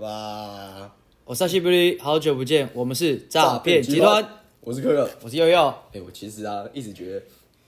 哇！我是阿西布利。好久不見。我們是詐騙集團。我是可可，我是耀耀。哎、欸，我其實啊，一直覺得。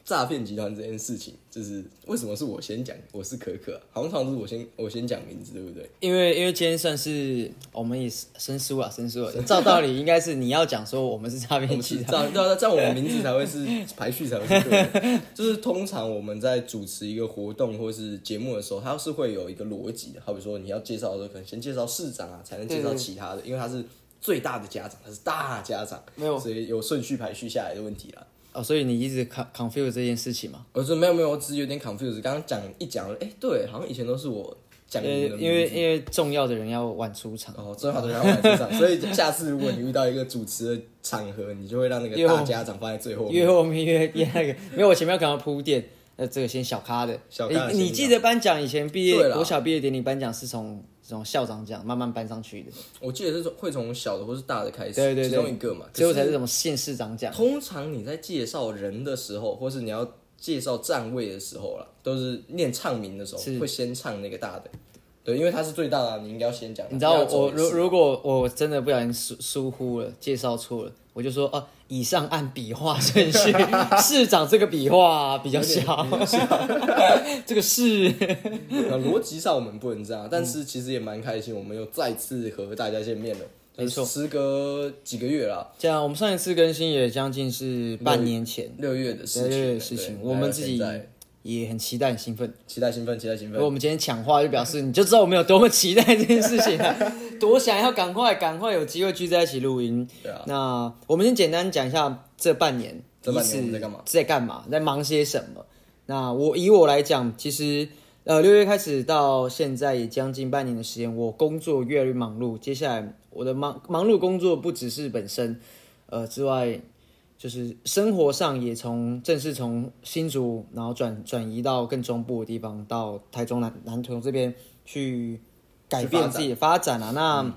詐騙集團這件事情，就是為什麼是我先講？我是可可、啊，好像常是我先我先講名字，對不對？因為因為今天算是我們也是生疏了，生疏了。照道理應該是你要講說我們是詐騙集團，照照那我名字才會是排序才會對 就是通常我們在主持一個活動或是節目的時候，它是會有一個邏輯的。好比說你要介紹的時候，可能先介紹市長啊，才能介紹其他的、嗯，因為他是最大的家長，他是大家長，沒有，所以有順序排序下來的問題啦。哦，所以你一直 confuse 這件事情嗎？我、哦、說沒有沒有，我只是有點 confuse。剛剛講一講，誒、欸，對，好像以前都是我講。因為因為因為重要的人要晚出場。哦，重要的人要晚出場， 所以下次如果你遇到一個主持的場合，你就會讓那個大家長放在最後面。因為我們因為因為沒有我前面要趕他鋪墊。那這個先小咖的，小咖、啊欸。你記得頒獎，以前畢業，我小畢業典禮頒獎是從從校長獎，慢慢頒上去的。我記得是從會從小的或是大的開始，其對對對中一個嘛，最後才是這種縣市長獎。通常你在介紹人的時候，或是你要介紹站位的時候啦，都是念唱名的時候，會先唱那個大的。對，因為他是最大的、啊，你應該要先講。你知道我如如果我真的不小心疏疏忽了介紹錯了，我就說哦。啊以上按筆畫順序， 市長這個筆畫比較小， 這個是那邏輯上我們不能這樣，但是其實也蠻開心，我們又再次和大家見面了，沒、嗯、錯，就是、時隔幾個月了，對啊，我們上一次更新也將近是半年前六月的事，前的，對對對的事情，事情我們自己也很期待、興奮，期待、興奮、期待興奮、興奮。我們今天搶話就表示， 你就知道我們有多麼期待這件事情、啊 我想要趕快、趕快有機會聚在一起錄音。對啊。那我們先簡單講一下這半年，這半年我們在幹嘛？在幹嘛？在忙些什麼？那我以我來講，其實呃，六月開始到現在也將近半年的時間，我工作越來越忙碌。接下來我的忙忙碌工作不只是本身，呃之外，就是生活上也從正式從新竹，然後轉轉移到更中部的地方，到台中南南屯這邊去。改變自己的發展啊！那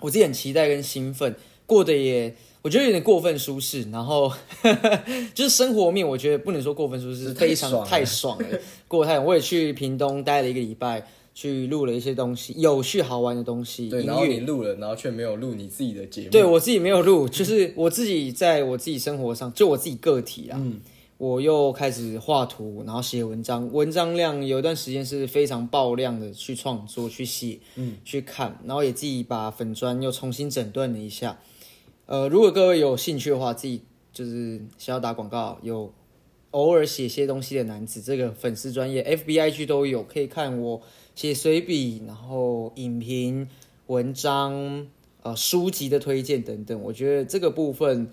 我自己很期待跟興奮，嗯，過得也我覺得有點過分舒適，然後 就是生活面，我覺得不能說過分舒適，非常太爽了，太爽了，太爽了 過太我也去屏東待了一個禮拜，去錄了一些東西，有趣好玩的東西。對，音樂然後你錄了，然後卻沒有錄你自己的節目。對我自己沒有錄，嗯，就是我自己在我自己生活上，就我自己個體啊。嗯我又開始畫圖，然後寫文章，文章量有一段時間是非常爆量的，去創作、去寫、嗯、去看，然後也自己把粉專又重新整頓了一下。呃，如果各位有興趣的話，自己就是想要打廣告，有偶爾寫些東西的男子，這個粉絲專頁 FB、IG 都有，可以看我寫隨筆、然後影評、文章、呃，書籍的推薦等等。我覺得這個部分。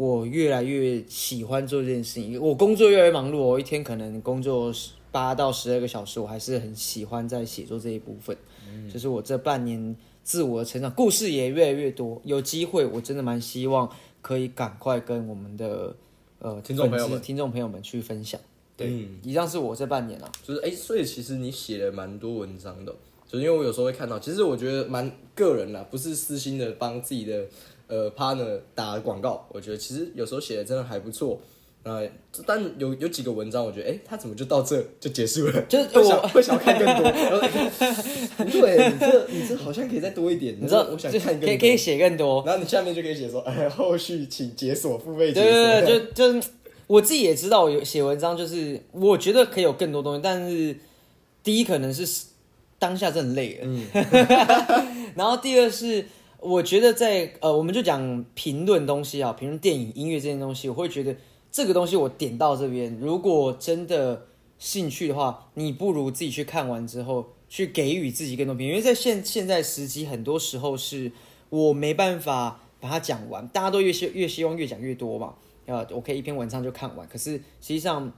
我越來越喜歡做這件事情。因為我工作越來越忙碌，哦，我一天可能工作八到十二個小時，我還是很喜歡在寫作這一部分。嗯，就是我這半年自我成長，故事也越來越多。有機會，我真的蠻希望可以趕快跟我們的呃聽眾朋友們、聽眾朋友們去分享。對、嗯，以上是我這半年啊，就是哎、欸，所以其實你寫了蠻多文章的，就是因為我有時候會看到，其實我覺得蠻個人啦，不是私心的幫自己的。呃，partner 打廣告，我覺得其實有時候寫的真的還不錯。呃，但有有幾個文章，我覺得，哎、欸，他怎麼就到這就結束了？就是我，我會想看更多。 對，你這你這好像可以再多一點。你知道，我想看更多。可以可以寫更多，然後你下面就可以寫說，哎、欸，後續請解鎖付費。對對對，就就 我自己也知道，我有寫文章就是我覺得可以有更多東西，但是第一可能是當下真的很累，嗯， 然後第二是。我覺得在呃，我們就講評論東西啊，評論電影、音樂這些東西，我會覺得這個東西我點到這邊，如果真的興趣的話，你不如自己去看完之後去給予自己更多評。因為在現現在時期，很多時候是我沒辦法把它講完，大家都越越希望越講越多嘛。呃，我可以一篇文章就看完，可是實際上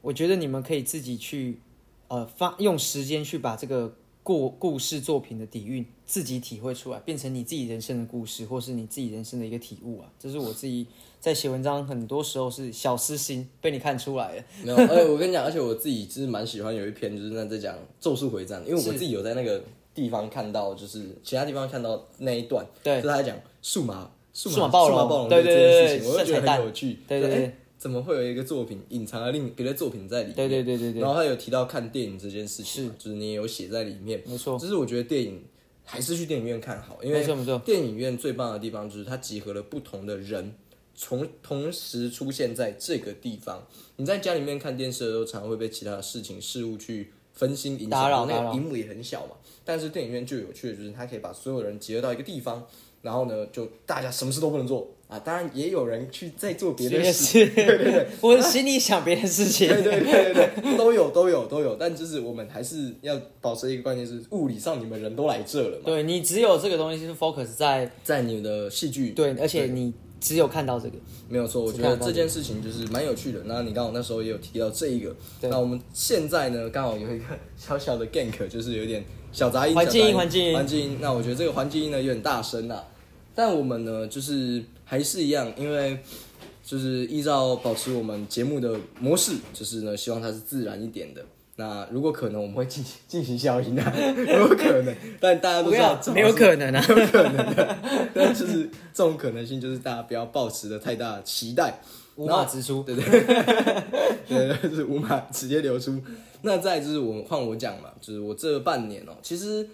我覺得你們可以自己去呃，發，用時間去把這個。故故事作品的底蘊，自己體會出來，變成你自己人生的故事，或是你自己人生的一個體悟啊。這是我自己在寫文章很多時候是小私心，被你看出來了。沒有，而且我跟你講， 而且我自己其實蠻喜歡有一篇，就是在講《咒術回戰》，因為我自己有在那個地方看到，就是,是其他地方看到那一段，就他在講數碼數碼暴龍，對對對對，我覺得很有趣，對對,對對。就是欸對對對對怎麼會有一個作品隱藏了另別的作品在裡面？對對對對對。然後他有提到看電影這件事情，就是你也有寫在裡面。沒錯，就是我覺得電影還是去電影院看好，因為電影院最棒的地方就是它集合了不同的人，從同時出現在這個地方。你在家裡面看電視的時候，常常會被其他的事情事物去分心影響。打擾，那個屏幕也很小嘛。但是電影院最有趣的就是，它可以把所有人集合到一個地方，然後呢，就大家什麼事都不能做。當然，也有人去在做別的事情，對對對， 我心裡想別的事情， 啊、對，對，對對對對都有都有都有，但就是我們還是要保持一個關鍵是物理上你們人都來這了嘛，對你只有這個東西是 focus 在在你的戲劇，對，而且你只有看到這個，沒有錯。我覺得這件事情就是蠻有趣的。那你剛好那時候也有提到這一個，那我們現在呢剛好有一個小小的 gank，就是有一點小雜音，環境音，環境音，環境那我覺得這個環境音呢有點大聲啦，但我們呢就是。還是一樣，因為就是依照保持我們節目的模式，就是呢，希望它是自然一點的。那如果可能我，我們會進行，進行消音啊，有 可能，但大家都知道不要麼沒有可能啊， 沒有可能的，但就是這種可能性，就是大家不要抱持的太大的期待。無法支出。對不對，對？ 對，對，對，就是無法直接流出。那再就是我換我講嘛，就是我這半年哦、喔，其實。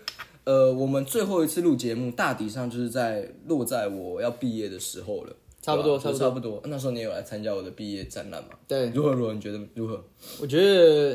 呃，我們最後一次錄節目，大體上就是在落在我要畢業的時候了，差不多，差不多，差不多。啊、那時候你有來參加我的畢業展覽嗎？對，如何如何？你覺得如何？我覺得，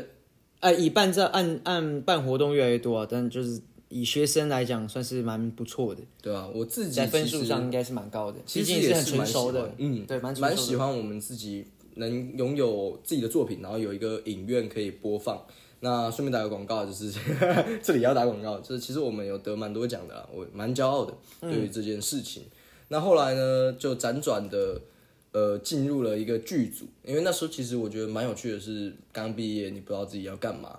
哎、呃，以辦這按按辦活動越來越多啊，但就是以學生來講，算是蠻不錯的，對啊，我自己在分數上應該是蠻高的，其實也是很純熟的，嗯，嗯對，蠻喜歡我們自己能擁有自己的作品，然後有一個影院可以播放。那順便打個廣告，就是 這裡要打廣告，就是其實我們有得蠻多獎的，我蠻驕傲的對於這件事情，嗯。那後來呢，就輾轉的呃進入了一個劇組，因為那時候其實我覺得蠻有趣的是，剛畢業你不知道自己要幹嘛，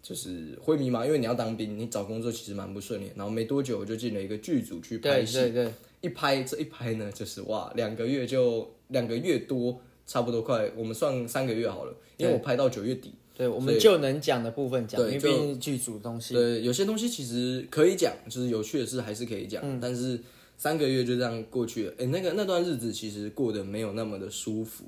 就是會迷茫，因為你要當兵，你找工作其實蠻不順利。然後沒多久我就進了一個劇組去拍戲。對，對對，一拍這一拍呢，就是哇，兩個月就兩個月多，差不多快我們算三個月好了，因為我拍到九月底。嗯對，我們就能講的部分講，因為劇組的東西。對，有些東西其實可以講，就是有趣的事還是可以講，嗯。但是三個月就這樣過去了。哎、欸，那個那段日子其實過得沒有那麼的舒服。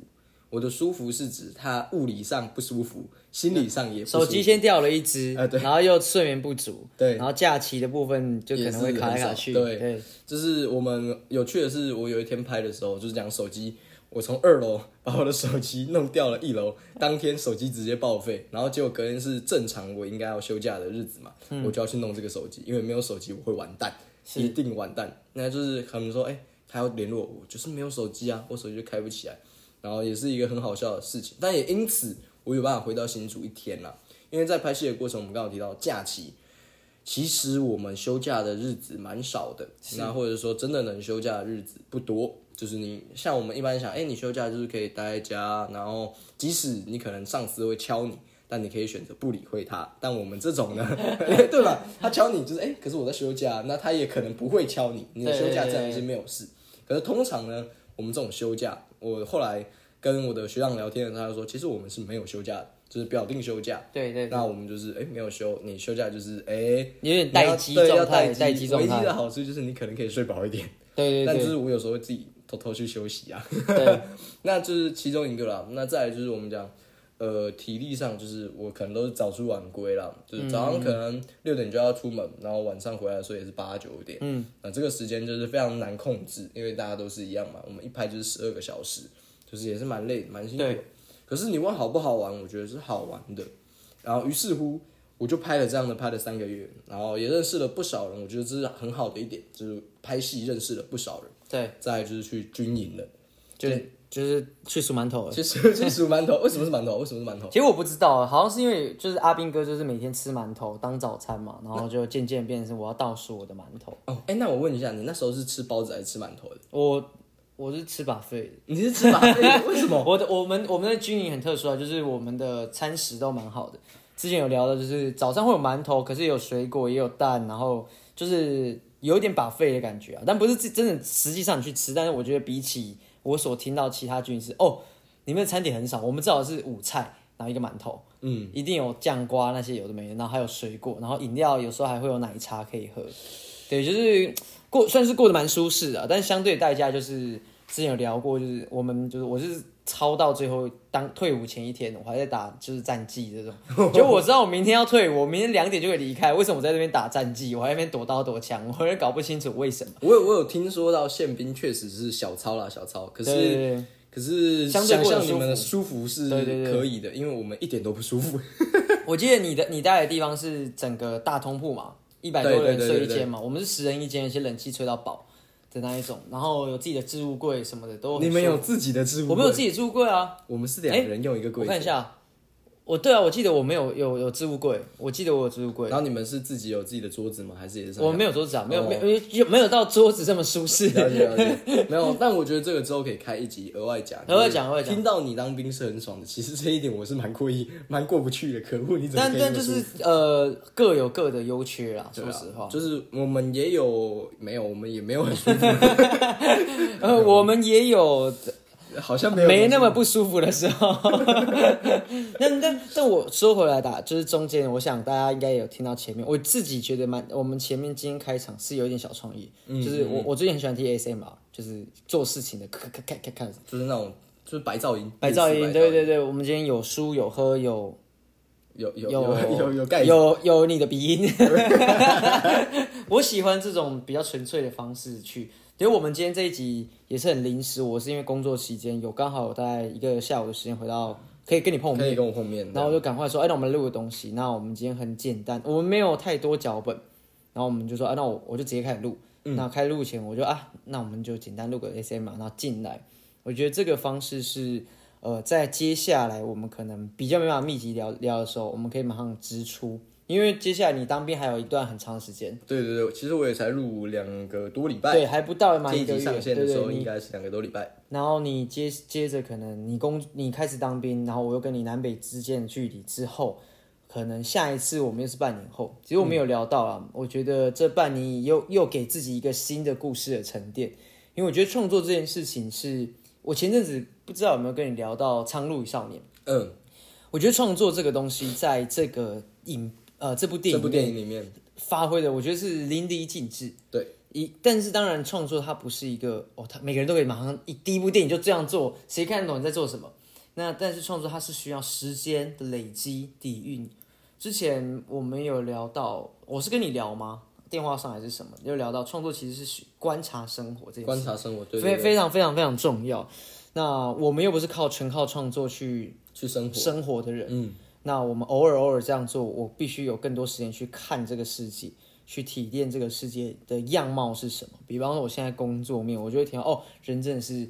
我的舒服是指他物理上不舒服，心理上也不舒服。手機先掉了一支，呃，然後又睡眠不足，對。然後假期的部分就可能會卡來卡去，對，對，對。就是我們有趣的是，我有一天拍的時候就，就是講手機。我從二樓把我的手機弄掉了，一樓當天手機直接報廢，然後結果隔天是正常我應該要休假的日子嘛，嗯、我就要去弄這個手機，因為沒有手機我會完蛋，一定完蛋。那就是可能說，哎、欸，他要聯絡我，就是沒有手機啊，我手機就開不起來，然後也是一個很好笑的事情。但也因此，我有辦法回到新竹一天了，因為在拍戲的過程，我們剛剛提到假期，其實我們休假的日子蠻少的，那或者說真的能休假的日子不多。就是你像我們一般想，哎、欸，你休假就是可以待在家，然後即使你可能上司會敲你，但你可以選擇不理會他。但我們這種呢， 對吧？他敲你就是哎、欸，可是我在休假，那他也可能不會敲你。你的休假真的是沒有事。對對對對，可是通常呢，我們這種休假，我後來跟我的學長聊天，他就說，其實我們是沒有休假的，就是表定休假。對對、對。那我們就是哎、欸、沒有休，你休假就是哎、欸、有點待機對。態。待機待機的好處就是你可能可以睡飽一點。對對對。但就是我有時候會自己。偷偷去休息啊，對， 那就是其中一個了。那再來就是我們講，呃，體力上就是我可能都是早出晚歸了，就是早上可能六點就要出門，嗯、然後晚上回來的時候也是八九點。嗯，那這個時間就是非常難控制，嗯、因為大家都是一樣嘛。我們一拍就是十二個小時，就是也是蠻累蠻辛苦的。可是你問好不好玩，我覺得是好玩的。然後於是乎，我就拍了這樣的拍了三個月，然後也認識了不少人。我覺得這是很好的一點，就是拍戲認識了不少人。對，再來就是去軍營了，就就是去數饅頭了，去數去數饅頭。為什麼是饅頭？為什麼是饅頭？其實我不知道，好像是因為就是阿兵哥就是每天吃饅頭當早餐嘛，然後就漸漸變成我要倒數我的饅頭。哦，哎、欸，那我問一下，你那時候是吃包子還是吃饅頭的？我我是吃 buffet 的。你是吃 buffet 的？為什麼？ 我的我們我們的軍營很特殊啊，就是我們的餐食都蠻好的。之前有聊到，就是早上會有饅頭，可是有水果也有蛋，然後就是。有點 buffet 的感覺啊，但不是真的。實際上你去吃，但是我覺得比起我所聽到其他軍師，哦，你們的餐點很少。我們至少是五菜，然後一個饅頭，嗯，一定有醬瓜那些有的沒的，然後還有水果，然後飲料有時候還會有奶茶可以喝。對，就是過算是過得蠻舒適的啊，但相對代價就是之前有聊過，就是我們就是我是。超到最後，當退伍前一天，我還在打就是戰技這種。就我知道我明天要退伍，我明天兩點就會離開。為什麼我在那邊打戰技，我還在那邊躲刀躲槍？我也搞不清楚為什麼。我我有聽說到憲兵確實是小操啦，小操。可是對對對，可是相對來講，你們的舒服是可以的對對對對，因為我們一點都不舒服。 我記得你的你待的地方是整個大通鋪嘛，一百多人睡一間嘛對對對對對對。我們是十人一間，而且冷氣吹到飽。的那一種，然後有自己的置物櫃什麼的，都你們有自己的置物櫃？我們有自己的置物櫃啊，我們是兩個人用一個櫃子，欸、我看一下。我對啊，我記得我沒有有有置物櫃，我記得我有置物櫃。然後你們是自己有自己的桌子嗎？還是也是？我沒有桌子啊，oh. 沒有沒有沒有到桌子這麼舒適。 沒有，但我覺得這個之後可以開一集額外講。額外講，額外講。聽到你當兵是很爽的，其實這一點我是蠻過意蠻過不去的。可惡，你怎麼麼？但但就是呃各有各的優缺啦。說、啊、實話，就是我們也有沒有，我們也沒有很舒服。 呃， 呃，我們也有。好像沒有沒那麼不舒服的時候 那，但那但我說回來的，就是中間，我想大家應該有聽到前面，我自己覺得蠻，我們前面今天開場是有一點小創意、嗯，就是我、嗯、我最近很喜歡聽 ASMR，就是做事情的，看看看看，就是那種就是白噪、白、噪白噪音，白噪音，對對對，我們今天有書有喝有有有有有有有你的鼻音， 我喜歡這種比較純粹的方式去。因為我們今天這一集也是很臨時，我是因為工作期間有剛好在一個下午的時間回到，可以跟你碰我面，跟我碰面，然後我就趕快說，哎、欸，那我們錄個東西。那我們今天很簡單，我們沒有太多腳本，然後我們就說，哎、啊，那我我就直接開始錄、嗯。那開錄前，我就啊，那我們就簡單錄個 S M 嘛、啊。然後進來，我覺得這個方式是，呃，在接下來我們可能比較沒辦法密集聊聊的時候，我們可以馬上支出。因為接下來你當兵還有一段很長的時間。對對對，其實我也才入伍兩個多禮拜，對，還不到嘛。這集上線的時候應該是兩個多禮拜，對對對。然後你接接着可能你工你開始當兵，然後我又跟你南北之間的距離之後，可能下一次我們又是半年後。其實我們有聊到啊、嗯，我覺得這半年又又給自己一個新的故事的沉澱。因為我覺得創作這件事情是我前陣子不知道有沒有跟你聊到《蒼鷺與少年》。嗯，我覺得創作這個東西在這個影。呃，這部電影，這部電影裡面發揮的，我覺得是淋漓盡致。對，一但是當然，創作它不是一個，哦，他每個人都可以馬上一第一部電影就這樣做，誰看得懂你在做什麼？那但是創作它是需要時間的累積底蘊。之前我們有聊到，我是跟你聊嗎？電話上還是什麼？有聊到創作其實是觀察，觀察生活，這觀察生活對，非常非常非常重要。那我們又不是靠全靠創作去去生活生活的人，嗯。那我們偶爾偶爾這樣做，我必須有更多時間去看這個世界，去體驗這個世界的樣貌是什麼。比方說，我現在工作面，我覺得天哦，人真的是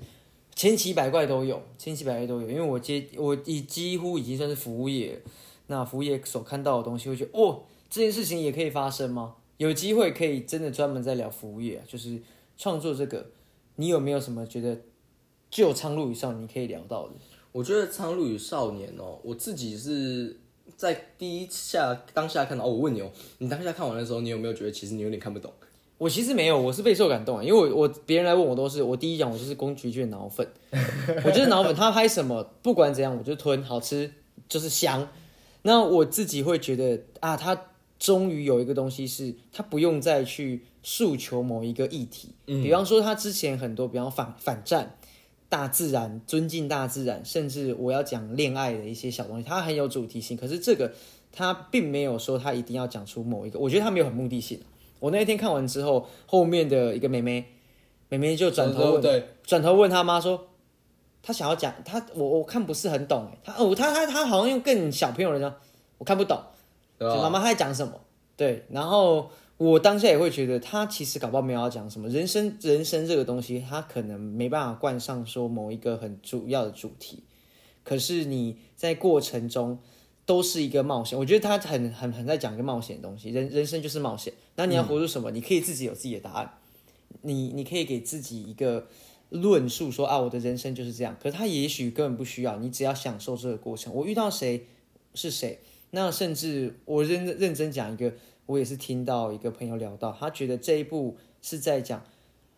千奇百怪都有，千奇百怪都有。因為我接我已幾乎已經算是服務業，那服務業所看到的東西，會覺得哦，這件事情也可以發生嗎？有機會可以真的專門在聊服務業就是創作這個，你有沒有什麼覺得就蒼鷺以上你可以聊到的？我覺得《蒼鷺與少年》哦，我自己是在第一下當下看到哦。我問你哦，你當下看完的時候，你有沒有覺得其實你有點看不懂？我其實沒有，我是備受感動啊。因為我我別人來問我都是，我第一講我就是宮崎駿的腦粉， 我就是腦粉。他拍什麼不管怎樣，我就吞好吃就是香。那我自己會覺得啊，他終於有一個東西是，他不用再去訴求某一個議題、嗯，比方說他之前很多比方反反戰。大自然，尊敬大自然，甚至我要講戀愛的一些小東西，它很有主題性。可是這個，他並沒有說他一定要講出某一個，我覺得他沒有很目的性啊。我那一天看完之後，後面的一個妹妹，妹妹就轉頭問，轉頭問他媽說，他想要講他，我我看不是很懂哎，他哦她他她，她好像用更小朋友的，我看不懂，媽媽，哦，她在講什麼？對，然後。我當下也會覺得他其實搞不好沒有要講什麼人生，人生這個東西，他可能沒辦法冠上說某一個很主要的主題。可是你在過程中都是一個冒險，我覺得他很很很在講一個冒險的東西人，人人生就是冒險。那你要活出什麼，你可以自己有自己的答案你。你、嗯、你可以給自己一個論述說啊，我的人生就是這樣。可是他也許根本不需要，你只要享受這個過程。我遇到誰是誰，那甚至我認認真講一個。我也是聽到一個朋友聊到，他覺得這一部是在講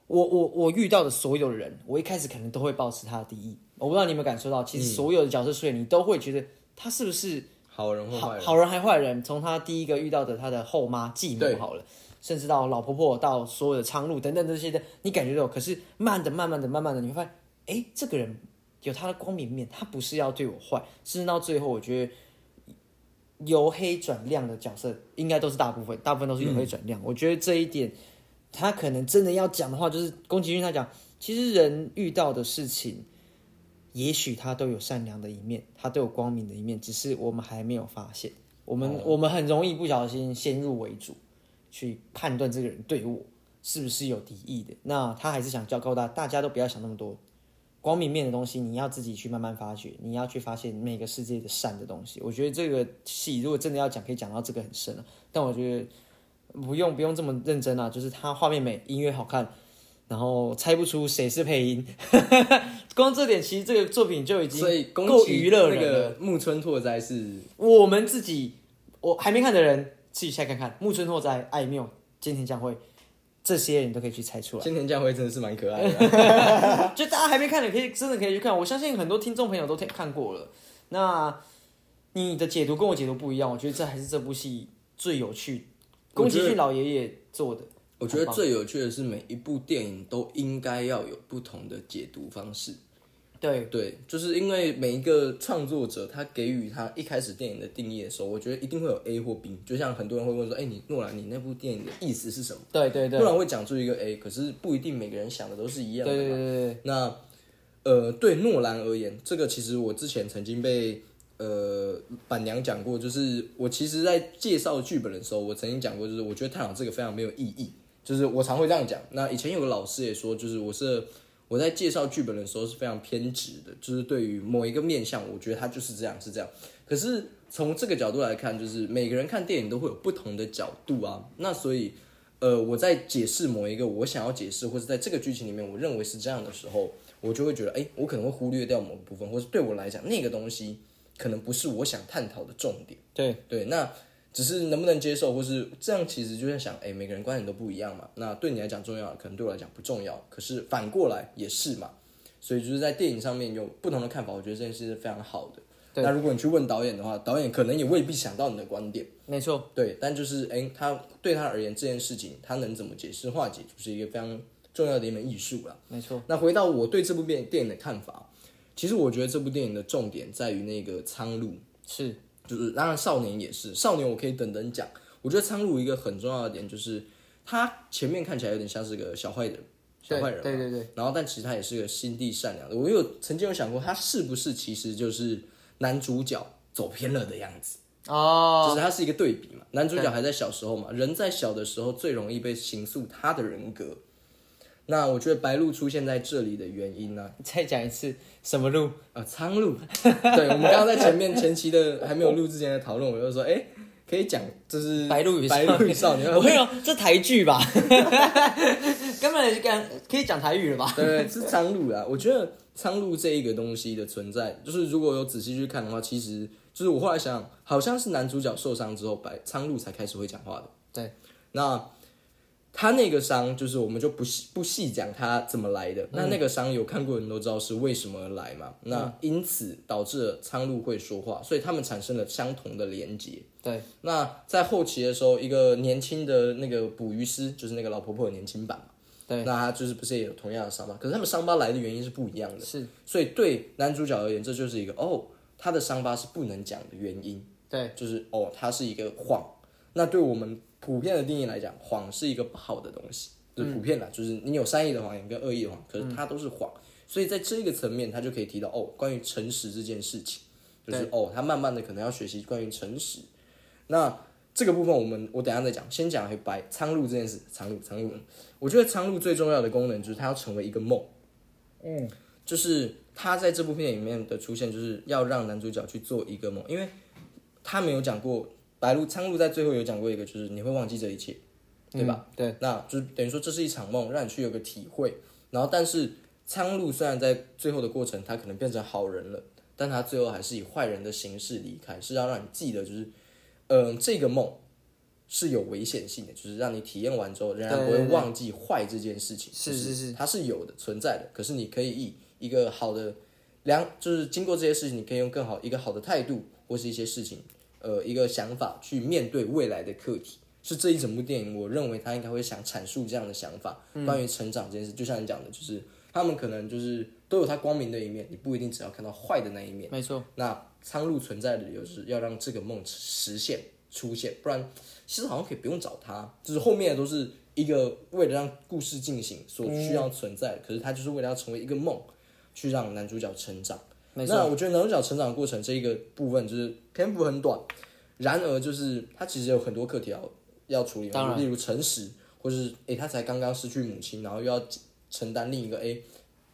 我我我遇到的所有人，我一開始可能都會抱持他的敵意。我不知道你們有沒有感受到，其實所有的角色出現，你都會覺得、嗯、他是不是好人或壞？好人還壞人？從他第一個遇到的他的後媽繼母好了，甚至到老婆婆，到所有的蒼鷺等等這些的，你感覺到，可是慢的慢的、慢慢的、慢慢的，你會發現，哎、欸，這個人有他的光明面，他不是要對我壞，甚至到最後，我覺得。由黑轉亮的角色，應該都是大部分，大部分都是由黑轉亮、嗯。我覺得這一點，他可能真的要講的話，就是宮崎駿他講，其實人遇到的事情，也許他都有善良的一面，他都有光明的一面，只是我們還沒有發現。我們、嗯、我們很容易不小心先入為主，去判斷這個人對我是不是有敵意的。那他還是想教告訴大家，大家都不要想那麼多。光明面的東西，你要自己去慢慢發掘，你要去發現每個世界的善的東西。我覺得這個戲如果真的要講，可以講到這個很深了、啊。但我覺得不用不用這麼認真啊，就是它畫面美，音樂好看，然後猜不出誰是配音， 光這點其實這個作品就已經夠娛樂人了。木村拓哉是，我們自己我還沒看的人，自己下看看木村拓哉、愛繆，菅田將暉。這些你都可以去猜出來。今天嫁會真的是蠻可愛的啊， 就大家還沒看的，可以真的可以去看。我相信很多聽眾朋友都看看過了。那你的解讀跟我解讀不一樣，我覺得這還是這部戲最有趣。宮崎駿老爺爺做的，我覺得最有趣的是每一部電影都應該要有不同的解讀方式。對對，就是因為每一個創作者，他給予他一開始電影的定義的時候，我覺得一定會有 A 或 B。就像很多人會問說：“哎，你諾蘭，你那部電影的意思是什麼？”對對對，諾蘭會講出一個 A，可是不一定每個人想的都是一樣的。對對對對那。那呃，對諾蘭而言，這個其實我之前曾經被呃板娘講過，就是我其實在介紹劇本的時候，我曾經講過，就是我覺得探討這個非常沒有意義。就是我常會這樣講。那以前有個老師也說，就是我是。我在介紹劇本的時候是非常偏執的，就是對於某一個面向，我覺得它就是這樣，是這樣。可是從這個角度來看，就是每個人看電影都會有不同的角度啊。那所以，呃，我在解釋某一個我想要解釋，或是在這個劇情裡面我認為是這樣的時候，我就會覺得，哎，我可能會忽略掉某一部分，或是對我來講那個東西可能不是我想探討的重點。對對，那。只是能不能接受，或是這樣，其實就在想，哎，每個人觀點都不一樣嘛。那對你來講重要，可能對我來講不重要。可是反過來也是嘛。所以就是在電影上面有不同的看法，我覺得這件事是非常好的。那如果你去問導演的話，導演可能也未必想到你的觀點。沒錯，對。但就是，哎，他對他而言這件事情，他能怎麼解釋化解，就是一個非常重要的一門藝術了。沒錯。那回到我對這部電影電影的看法，其實我覺得這部電影的重點在於那個蒼鷺。是。就是，當然少年也是少年，我可以等等講。我覺得蒼鷺一個很重要的點就是，他前面看起來有點像是個小壞人，小壞人，對，對對對。然後，但其實他也是個心地善良的。我有曾經有想過，他是不是其實就是男主角走偏了的樣子啊、哦？就是他是一個對比嘛，男主角還在小時候嘛，人在小的時候最容易被形塑他的人格。那我覺得白鷺出現在這裡的原因呢？再講一次，什麼鷺？啊，蒼鷺 對，我們剛剛在前面前期的還沒有錄之前的討論，我就說，哎、欸，可以講，就是白鷺與白鷺與少年。少年」我跟有，說，這台劇吧，哈哈哈哈哈，根本就講可以講台語了吧？對，是蒼鷺啊。我覺得蒼鷺這一個東西的存在，就是如果有仔細去看的話，其實就是我後來想，想，好像是男主角受傷之後，白蒼鷺才開始會講話的。對，那。他那個傷就是我們就不細不細講他怎麼來的，嗯、那那個傷有看過的人都知道是為什麼而來嘛。嗯、那因此導致了蒼鷺會說話，所以他們產生了相同的連接。對，那在後期的時候，一個年輕的那個捕魚師，就是那個老婆婆的年輕版嘛。對，那他就是不是也有同樣的傷嗎？可是他們傷疤來的原因是不一樣的。是，所以對男主角而言，這就是一個哦，他的傷疤是不能講的原因。對，就是哦，他是一個謊。那對我們。普遍的定義來講，謊是一個不好的東西，就是普遍的，嗯、就是你有善意的謊言跟惡意的謊，嗯、可是它都是謊，所以在這個層面，他就可以提到哦，關於誠實這件事情，就是哦，他慢慢的可能要學習關於誠實。那這個部分我們我等一下再講，先講黑白蒼鷺這件事。蒼鷺，蒼鷺，我覺得蒼鷺最重要的功能就是它要成為一個夢，嗯，就是它在這部片裡面的出現，就是要讓男主角去做一個夢，因為他沒有講過。白鷺、蒼鷺在最後有講過一個，就是你會忘記這一切，嗯、對吧？對，那就等於說這是一場夢，讓你去有個體會。然後，但是蒼鷺雖然在最後的過程，他可能變成好人了，但他最後還是以壞人的形式離開，是要讓你記得，就是，嗯、呃，這個夢是有危險性的，就是讓你體驗完之後，仍然不會忘記壞這件事情。對對對、是是是，它是有的，存在的。可是你可以以一個好的、良，就是經過這些事情，你可以用更好、一個好的態度或是一些事情。呃，一個想法去面對未來的課題，是這一整部電影，我認為他應該會想闡述這樣的想法，嗯，關於成長這件事。就像你講的，就是他們可能就是都有他光明的一面，你不一定只要看到壞的那一面。沒錯。那蒼鷺存在的理由是要讓這個夢實現出現，不然其實好像可以不用找他，就是後面的都是一個為了讓故事進行所需要存在的。嗯，可是他就是為了要成為一個夢，去讓男主角成長。那我覺得男主角成長過程這一個部分就是篇幅很短，然而就是他其實有很多課題要要處理，例如誠實，或是誒、欸、他才剛剛失去母親，然後又要承擔另一個誒、欸，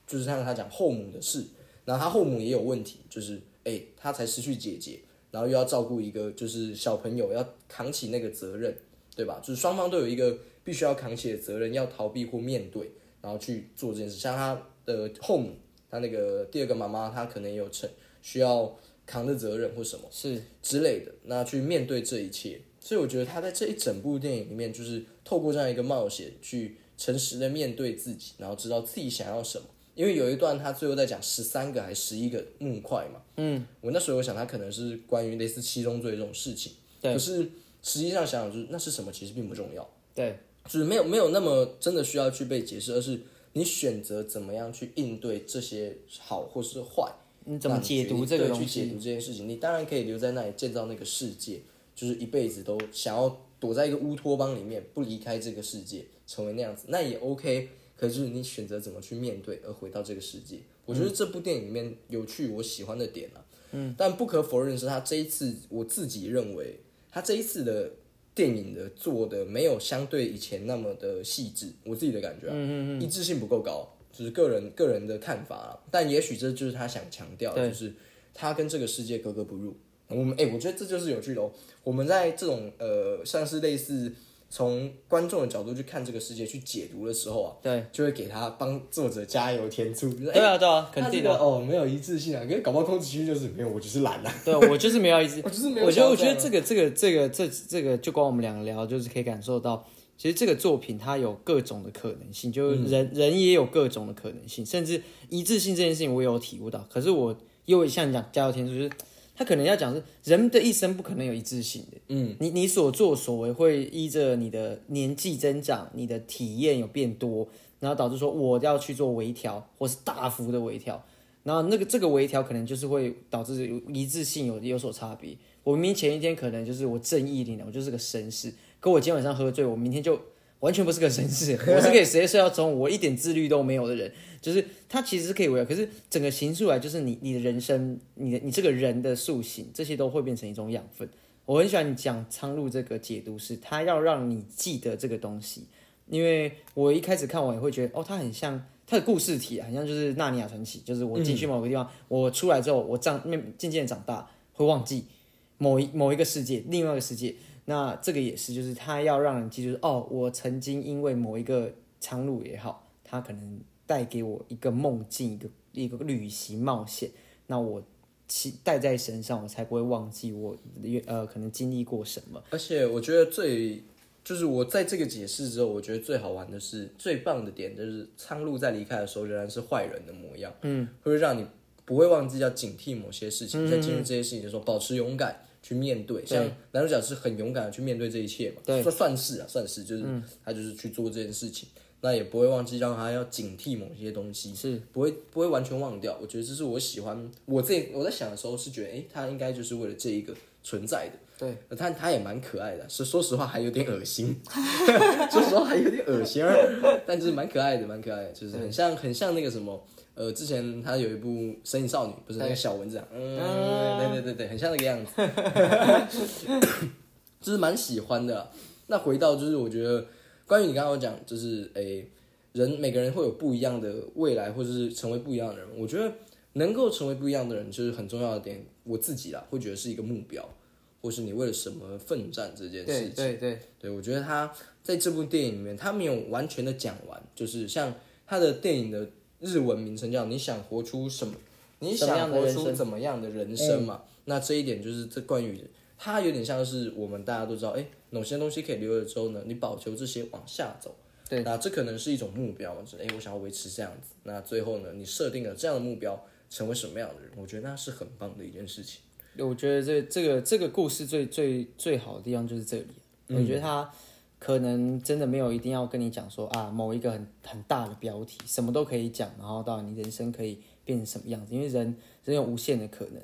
就是像他講後母的事，然後他後母也有問題，就是誒、欸、他才失去姐姐，然後又要照顧一個就是小朋友要扛起那個責任，對吧？就是雙方都有一個必須要扛起的責任，要逃避或面對，然後去做這件事，像他的後母，他那個第二個媽媽，她可能也有承需要扛的責任或什麼，是之類的，那去面對這一切。所以我覺得他在這一整部電影裡面，就是透過這樣一個冒險，去誠實的面對自己，然後知道自己想要什麼。因為有一段他最後在講十三個還是十一個木塊嘛，嗯，我那時候我想他可能是關於類似七宗罪這種事情，對，可是實際上想想就是那是什麼，其實並不重要，對，就是沒有沒有那麼真的需要去被解釋，而是。你選擇怎麼樣去應對這些好或是壞？你怎麼解讀這個東西？去解讀這件事情，你當然可以留在那裡建造那個世界，就是一輩子都想要躲在一個烏托邦裡面，不離開這個世界，成為那樣子，那也 OK。可是你選擇怎麼去面對，而回到這個世界？我覺得這部電影裡面有趣，我喜歡的點了啊。嗯，但不可否認是，他這一次我自己認為，他這一次的。電影的做的沒有相對以前那麼的細緻，我自己的感覺啊，嗯嗯嗯，一致性不夠高，就是個人個人的看法，但也許這就是他想強調的，就是他跟這個世界格格不入。我們哎、欸，我覺得這就是有趣的哦。我們在這種呃，像是類似。從觀眾的角度去看這個世界，去解讀的時候啊，對，就會給他幫作者加油添醋。對啊，對啊，肯定的。哦，沒有一致性啊，因為搞不好控制其實就是沒有，我就是懶了，啊。對，我就是沒有一致，我就是沒有。我覺得，我覺得這個，這個，這個，這，這個，就光我們兩個聊，就是可以感受到，其實這個作品它有各種的可能性，就人，嗯，人也有各種的可能性，甚至一致性這件事情我也有體悟到，可是我又像你講加油添醋，就是。他可能要講是，人的一生不可能有一致性的。嗯，你你所作所為會依着你的年紀增長，你的體驗有變多，然後導致說我要去做微調，或是大幅的微調，然後那個這個微調可能就是會導致有一致性有有所差別。我明前一天可能就是我正義一臉，我就是個紳士，可我今天晚上喝醉，我明天就。完全不是個紳士，我是可以直接睡到中午，我一點自律都沒有的人。就是他其實是可以維，可是整個形塑來，就是你你的人生，你的你這個人的塑形，這些都會變成一種養分。我很喜歡你講蒼鷺這個解讀是，他要讓你記得這個東西。因為我一開始看完也會覺得，哦，它很像它的故事體，很像就是《納尼亞傳奇》，就是我進去某個地方，嗯，我出來之後，我長漸漸漸長大，會忘記某一某一個世界，另外一個世界。那這個也是，就是他要讓你記住哦，我曾經因為某一個蒼鷺也好，他可能帶給我一個夢境，一個一個旅行冒險。那我帶在身上，我才不會忘記我呃可能經歷過什麼。而且我覺得最就是我在這個解釋之後，我覺得最好玩的是最棒的點，就是蒼鷺在離開的時候仍然是壞人的模樣，嗯，會讓你不會忘記要警惕某些事情，在經歷這些事情的時候保持勇敢。去面對，像男主角是很勇敢的去面對這一切嘛，對，算算是啊，算是啊，就是他就是去做這件事情，嗯，那也不會忘記讓他要警惕某些東西，是，不會不會完全忘掉。我覺得這是我喜歡我這我在想的時候是覺得，哎，他應該就是為了這一個存在的，對，他他也蠻可愛的啊，說說實話還有點噁心， 說實話還有點噁心啊，但就是蠻可愛的，蠻可愛的，就是很像，嗯，很像那個什麼。呃，之前他有一部《神隱少女》，不是那個小蚊子啊？嗯，對對對對，很像那個樣子， 就是蠻喜歡的。那回到就是，我覺得關於你剛剛講，就是誒、欸，人每個人會有不一樣的未來，或者是成為不一樣的人。我覺得能夠成為不一樣的人，就是很重要的點。我自己啦，會覺得是一個目標，或是你為了什麼奮戰這件事情。對對對對，我覺得他在這部電影裡面，他沒有完全的講完，就是像他的電影的。日文名稱叫你想活出什麼？什麼你想要活出怎麼樣的人生嘛？嗯、那這一點就是這關於它有點像是我們大家都知道，哎、欸，某些東西可以留著之後呢，你保留這些往下走。對，那、啊、這可能是一種目標，欸、我想要維持這樣子。那最後呢，你設定了這樣的目標，成為什麼樣的人？我覺得那是很棒的一件事情。我覺得這這個這個故事最最最好的地方就是這裡。嗯、我覺得它，可能真的沒有一定要跟你講說啊，某一個很很大的標題，什麼都可以講，然後到你人生可以變成什麼樣子，因為人人有無限的可能。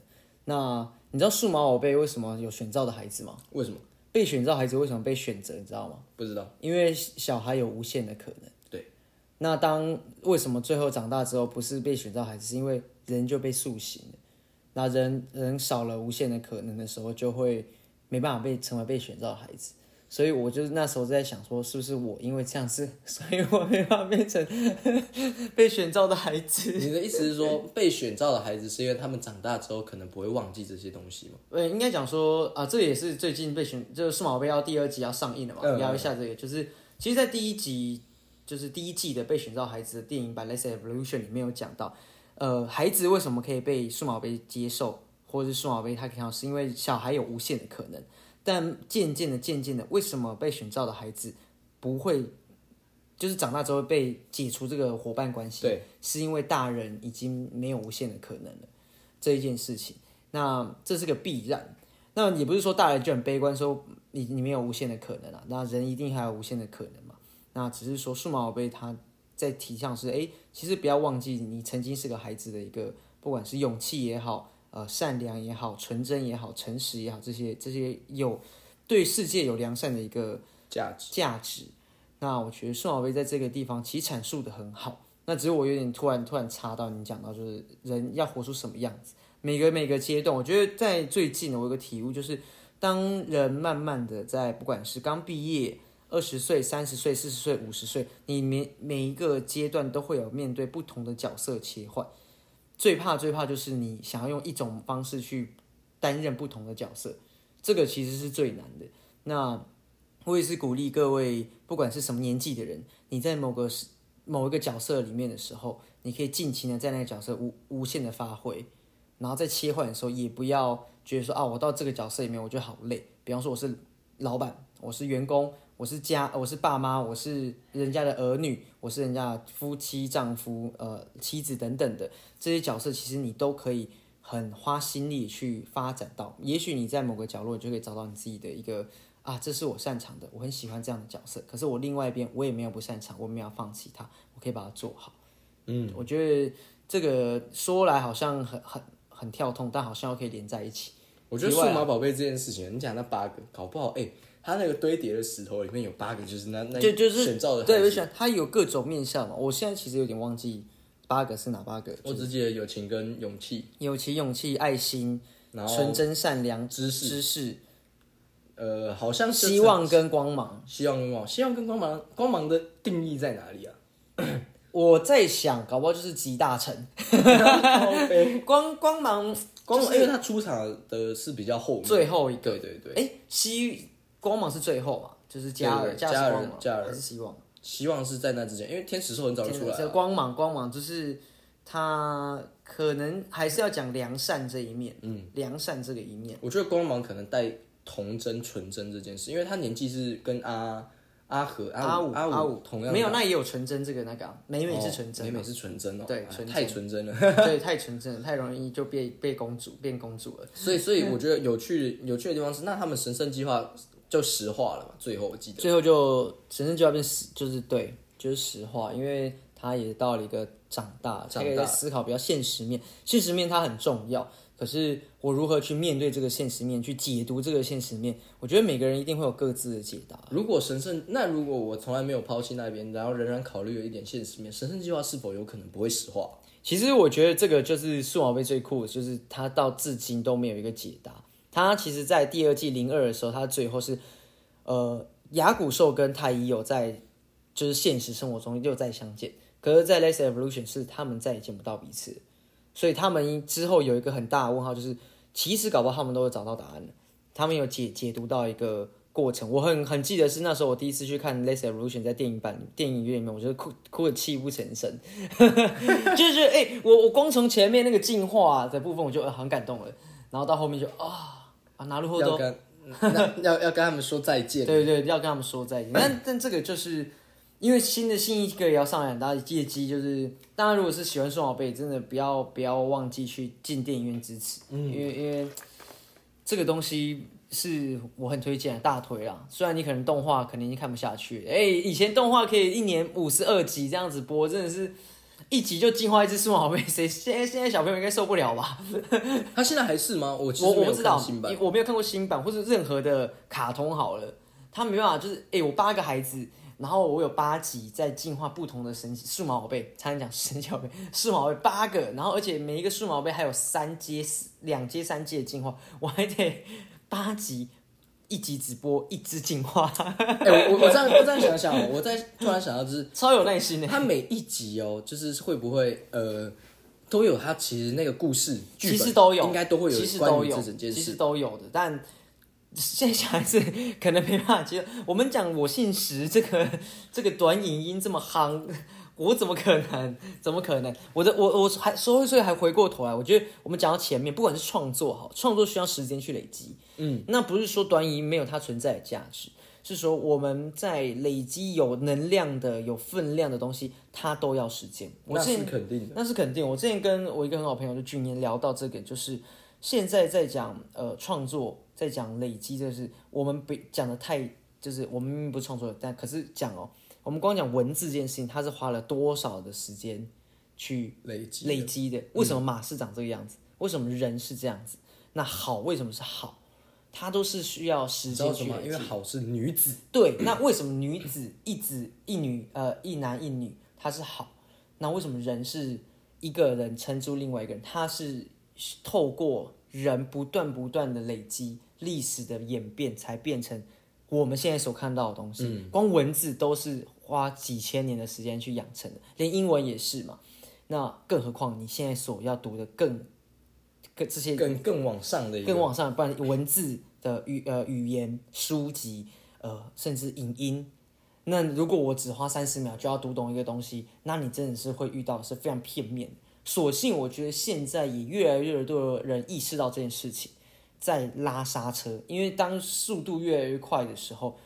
那你知道數碼寶貝為什麼有選召的孩子嗎？為什麼被選召孩子為什麼被選擇？你知道嗎？不知道，因為小孩有無限的可能。對。那當為什麼最後長大之後不是被選召孩子，是因為人就被塑形了。那人人少了無限的可能的時候，就會沒辦法被成為被選召的孩子。所以我就那時候在想，說是不是我因為這樣子，所以我沒辦法變成 被選召的孩子？你的意思是說，被選召的孩子是因為他們長大之後可能不會忘記這些東西嗎？呃，應該講說啊，這也是最近被選，就是數碼寶貝要第二季要上映了嘛，聊、嗯、一下這個。就是其實，在第一集，就是第一季的被選召孩子的電影版《Last Evolution》裡面有講到，呃，孩子為什麼可以被數碼寶貝接受，或者是數碼寶貝它剛好是因為小孩有無限的可能。但漸漸的，漸漸的，為什麼被選召的孩子不會就是長大之後被解除這個夥伴關係？對，是因為大人已經沒有無限的可能了這一件事情。那這是個必然。那也不是說大人就很悲觀，說你你沒有無限的可能了，啊，那人一定還有無限的可能嘛？那只是說數碼寶貝它在提倡是誒，欸，其實不要忘記你曾經是個孩子的一個，不管是勇氣也好。呃，善良也好，純真也好，誠實也好，這些這些有對世界有良善的一個價值價值。那我覺得宋小薇在這個地方其實闡述的很好。那只是我有點突然突然插到你講到，就是人要活出什麼樣子？每個每個階段，我覺得在最近我有個體悟，就是當人慢慢的在不管是剛畢業、二十歲、三十歲、四十歲、五十歲，你每每一個階段都會有面對不同的角色切換。最怕最怕就是你想要用一種方式去擔任不同的角色，這個其實是最難的。那我也是鼓勵各位，不管是什麼年紀的人，你在某個某一個角色裡面的時候，你可以盡情的在那個角色無無限的發揮，然後在切換的時候，也不要覺得說啊，我到這個角色裡面我就好累。比方說我是老板，我是員工。我是家，我是爸媽，我是人家的兒女，我是人家的夫妻丈夫，呃，妻子等等的這些角色，其實你都可以很花心力去發展到。也許你在某個角落，你就可以找到你自己的一個啊，這是我擅長的，我很喜歡這樣的角色。可是我另外一邊，我也沒有不擅長，我沒有放棄它，我可以把它做好。嗯，我覺得這個說來好像很很很跳痛，但好像又可以連在一起。我覺得數碼寶貝這件事情，你講那八個，搞不好哎。欸他那個堆疊的石頭裡面有八個就，就是那那個、就就是選造的，對，而且他有各種面相嘛。我現在其實有點忘記八個是哪八個。就是、我只記得友情跟勇氣，友情、勇氣、愛心，純真、善良、知識、知識。呃，好像希望跟光芒，希望跟光，希望跟光芒，光芒的定義在哪裡啊？我在想，搞不好就是集大成。 光光芒、就是、光芒、欸，因為他出場的是比較後面最後一個，對對，對。哎、欸，希。光芒是最後嘛，就是家人，家人，家人，還是希望，希望是在那之前，因為天使獸很早就出來了。是光芒，光芒，就是他可能還是要講良善這一面，嗯，良善這個一面。我覺得光芒可能帶童真、純真這件事，因為他年紀是跟阿阿和阿五、阿五、阿五同樣的。沒有，那也有純真這個那個、啊，美美是純真、喔哦，美美是純真哦、喔，對，純真，太純真了， 對，太純真了，太容易就被被公主變公主了。所以，所以我覺得有趣、嗯、有趣的地方是，那他們神聖計劃。就實化了嘛，最後我記得，最後就神聖計劃變實，就是對，就是實化，因為他也到了一個長大，長個思考比較現實面，現實面它很重要。可是我如何去面對這個現實面，去解讀這個現實面？我覺得每個人一定會有各自的解答。如果神聖，那如果我從來沒有拋棄那邊，然後仍然考慮有一點現實面，神聖計劃是否有可能不會實化？其實我覺得這個就是數碼寶貝最酷，就是他到至今都沒有一個解答。他其實，在第二季零二的時候，他最後是，呃，亞古獸跟太一有在，就是現實生活中又再相見。可是，在《Less Evolution》是他們再也見不到彼此，所以他們之後有一個很大的問號，就是其實搞不好他們都有找到答案了，他們有解解讀到一個過程。我很很記得是那時候我第一次去看《Less Evolution》在電影版電影院裡面，我覺得哭哭得泣不成聲， 就是哎、欸，我我光從前面那個進化的部分我就很感動了，然後到後面就啊。哦拿、啊、路後都要跟 要,要跟他們說再見，對,對對，要跟他們說再見。嗯、但但這個就是因為新的新一個也要上來，大家借機就是大家如果是喜歡宋寶貝，真的不要不要忘記去進電影院支持，嗯，因為因為這個東西是我很推薦的大推啦。雖然你可能動畫可能已經看不下去，哎、欸，以前動畫可以一年五十二集這樣子播，真的是。一集就進化一只數碼寶貝，誰？現在現在小朋友應該受不了吧？ 他現在還是嗎？我我不知道，我沒有看過新版或者任何的卡通好了。他沒辦法，就是哎、欸，我八個孩子，然後我有八集在進化不同的神奇數碼寶貝。差點講神奇寶貝，數碼寶貝八個，然後而且每一個數碼寶貝還有三階、兩階、三階的進化，我還得八集。一集直播，一直進化。哎、 欸，我我這樣我這樣想想，我在突然想到就是超有耐心的，他每一集哦，就是會不會呃都有，他其實那個故事劇本都有，應該都會有，其實都有，其實都有的。但現在小孩子可能沒辦法接受。我們講我姓石，這個這個短影音這麼夯。我怎麼可能？怎麼可能？我的我我還說回所以還回過頭來，我覺得我們講到前面，不管是創作好，創作需要時間去累積。嗯，那不是說短語沒有它存在的價值，是說我們在累積有能量的、有分量的東西，它都要時間。我之前那是肯定的，那是肯定。我之前跟我一個很好朋友就去年聊到這個，就是現在在講呃創作，在講累積，就是我們不講得太，就是我們明明不是創作，但可是講哦。我們光講文字這件事情，它是花了多少的時間去累積累積的？為什麼馬是長這個樣子？嗯、為什麼人是這樣子？那好，為什麼是好？它都是需要時間累積，因為好是女子。對。那為什麼女子一子一女呃一男一女它是好？那為什麼人是一個人撐住另外一個人？它是透過人不斷不斷的累積歷史的演變才變成，我們現在所看到的東西，光文字都是花幾千年的時間去養成的，嗯，連英文也是嘛。那更何況你現在所要讀的更、更這些更更往上的，更往上的，不然文字的語呃語言書籍呃甚至影音，那如果我只花三十秒就要讀懂一個東西，那你真的是會遇到的是非常片面。所幸，我覺得現在也越來越多的人意識到這件事情。在拉剎車，因為當速度越來越快的時候，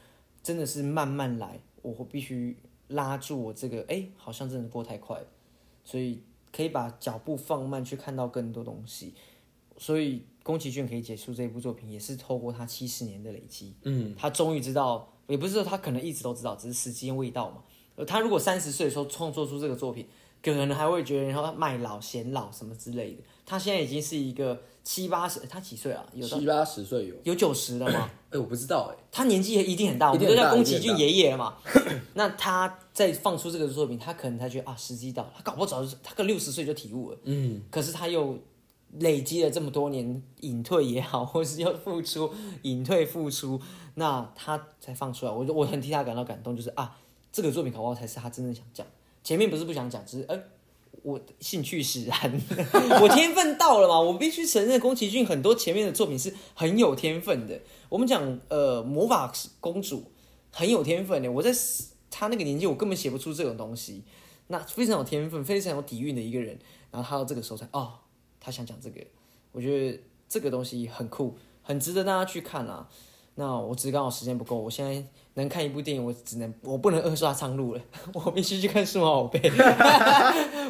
真的是慢慢來，我必須拉住我這個，哎、欸，好像真的過太快了，所以可以把腳步放慢去看到更多東西。所以宮崎駿可以結束這部作品，也是透過他七十年的累積，嗯，他終於知道，也不是說他可能一直都知道，只是時間未到嘛。他如果三十歲的時候創作出這個作品。可能還會覺得，然後他賣老顯老什麼之類的。他現在已經是一個七八十，欸、他幾歲了、啊？有七八十歲有，有九十了嗎？哎、 欸，我不知道哎、欸。他年紀也一定，一定很大，我們都叫宮崎駿爺爺了嘛。 那他在放出這個作品，他可能才覺得啊，時機到了。他搞不好早、就是、他個六十歲就體悟了，嗯。可是他又累積了這麼多年隱退也好，或是要復出隱退復出，那他才放出來。我我很替他感到感動，就是啊，這個作品搞不好才是他真正想講。前面不是不想講，只是呃，我興趣使然， 我天分到了嘛。我必須承認，宮崎駿很多前面的作品是很有天分的。我們講呃，魔法公主很有天分的。我在他那個年紀，我根本寫不出這種東西。那非常有天分，非常有底蘊的一個人。然後他到這個時候才哦，他想講這個，我覺得這個東西很酷，很值得大家去看啦、啊。那、no, 我只是剛好時間不夠，我現在能看一部電影，我只能我不能二刷《蒼鷺》了， 我必須去看《數碼寶貝》，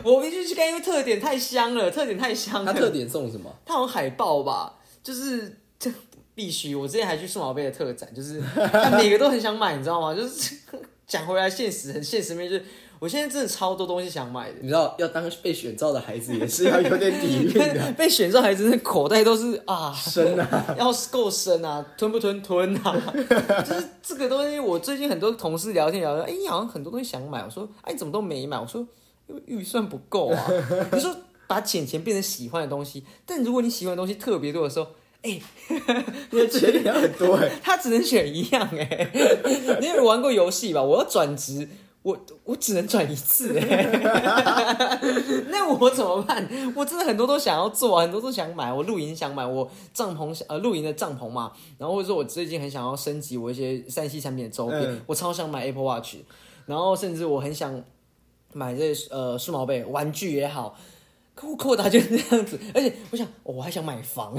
我必須去看，因為特典太香了，特典太香了。它，特典送什麼？它有海報吧？就是這必須。我之前還去數碼寶貝的特展，就是它每個都很想買，你知道嗎？就是講 回來，現實很現實面就是。我現在真的超多東西想買的，你知道，要當被選召的孩子也是要有點底蘊 被選召的孩子的口袋都是啊深啊，要是夠深啊，吞不吞吞啊。 就是這個東西，我最近很多同事聊天聊天，哎、欸，你好像很多東西想買。我說，哎、啊，你怎麼都沒買？我說，預算不夠啊。你 說把撿錢變成喜歡的東西，但如果你喜歡的東西特別多的時候，哎、欸，你的錢也要很多、欸， 他只能選一樣哎、欸。 你有玩過遊戲吧？我要轉職。我我只能轉一次， 那我怎麼辦？我真的很多都想要做，很多都想買。我露營想買，我帳篷呃露營的帳篷嘛，然後或者說我最近很想要升級我一些三 C 產品的周邊、嗯，我超想買 Apple Watch，然後甚至我很想買這呃數碼寶貝玩具也好。客戶就是那樣子，而且我想，哦、我還想買房，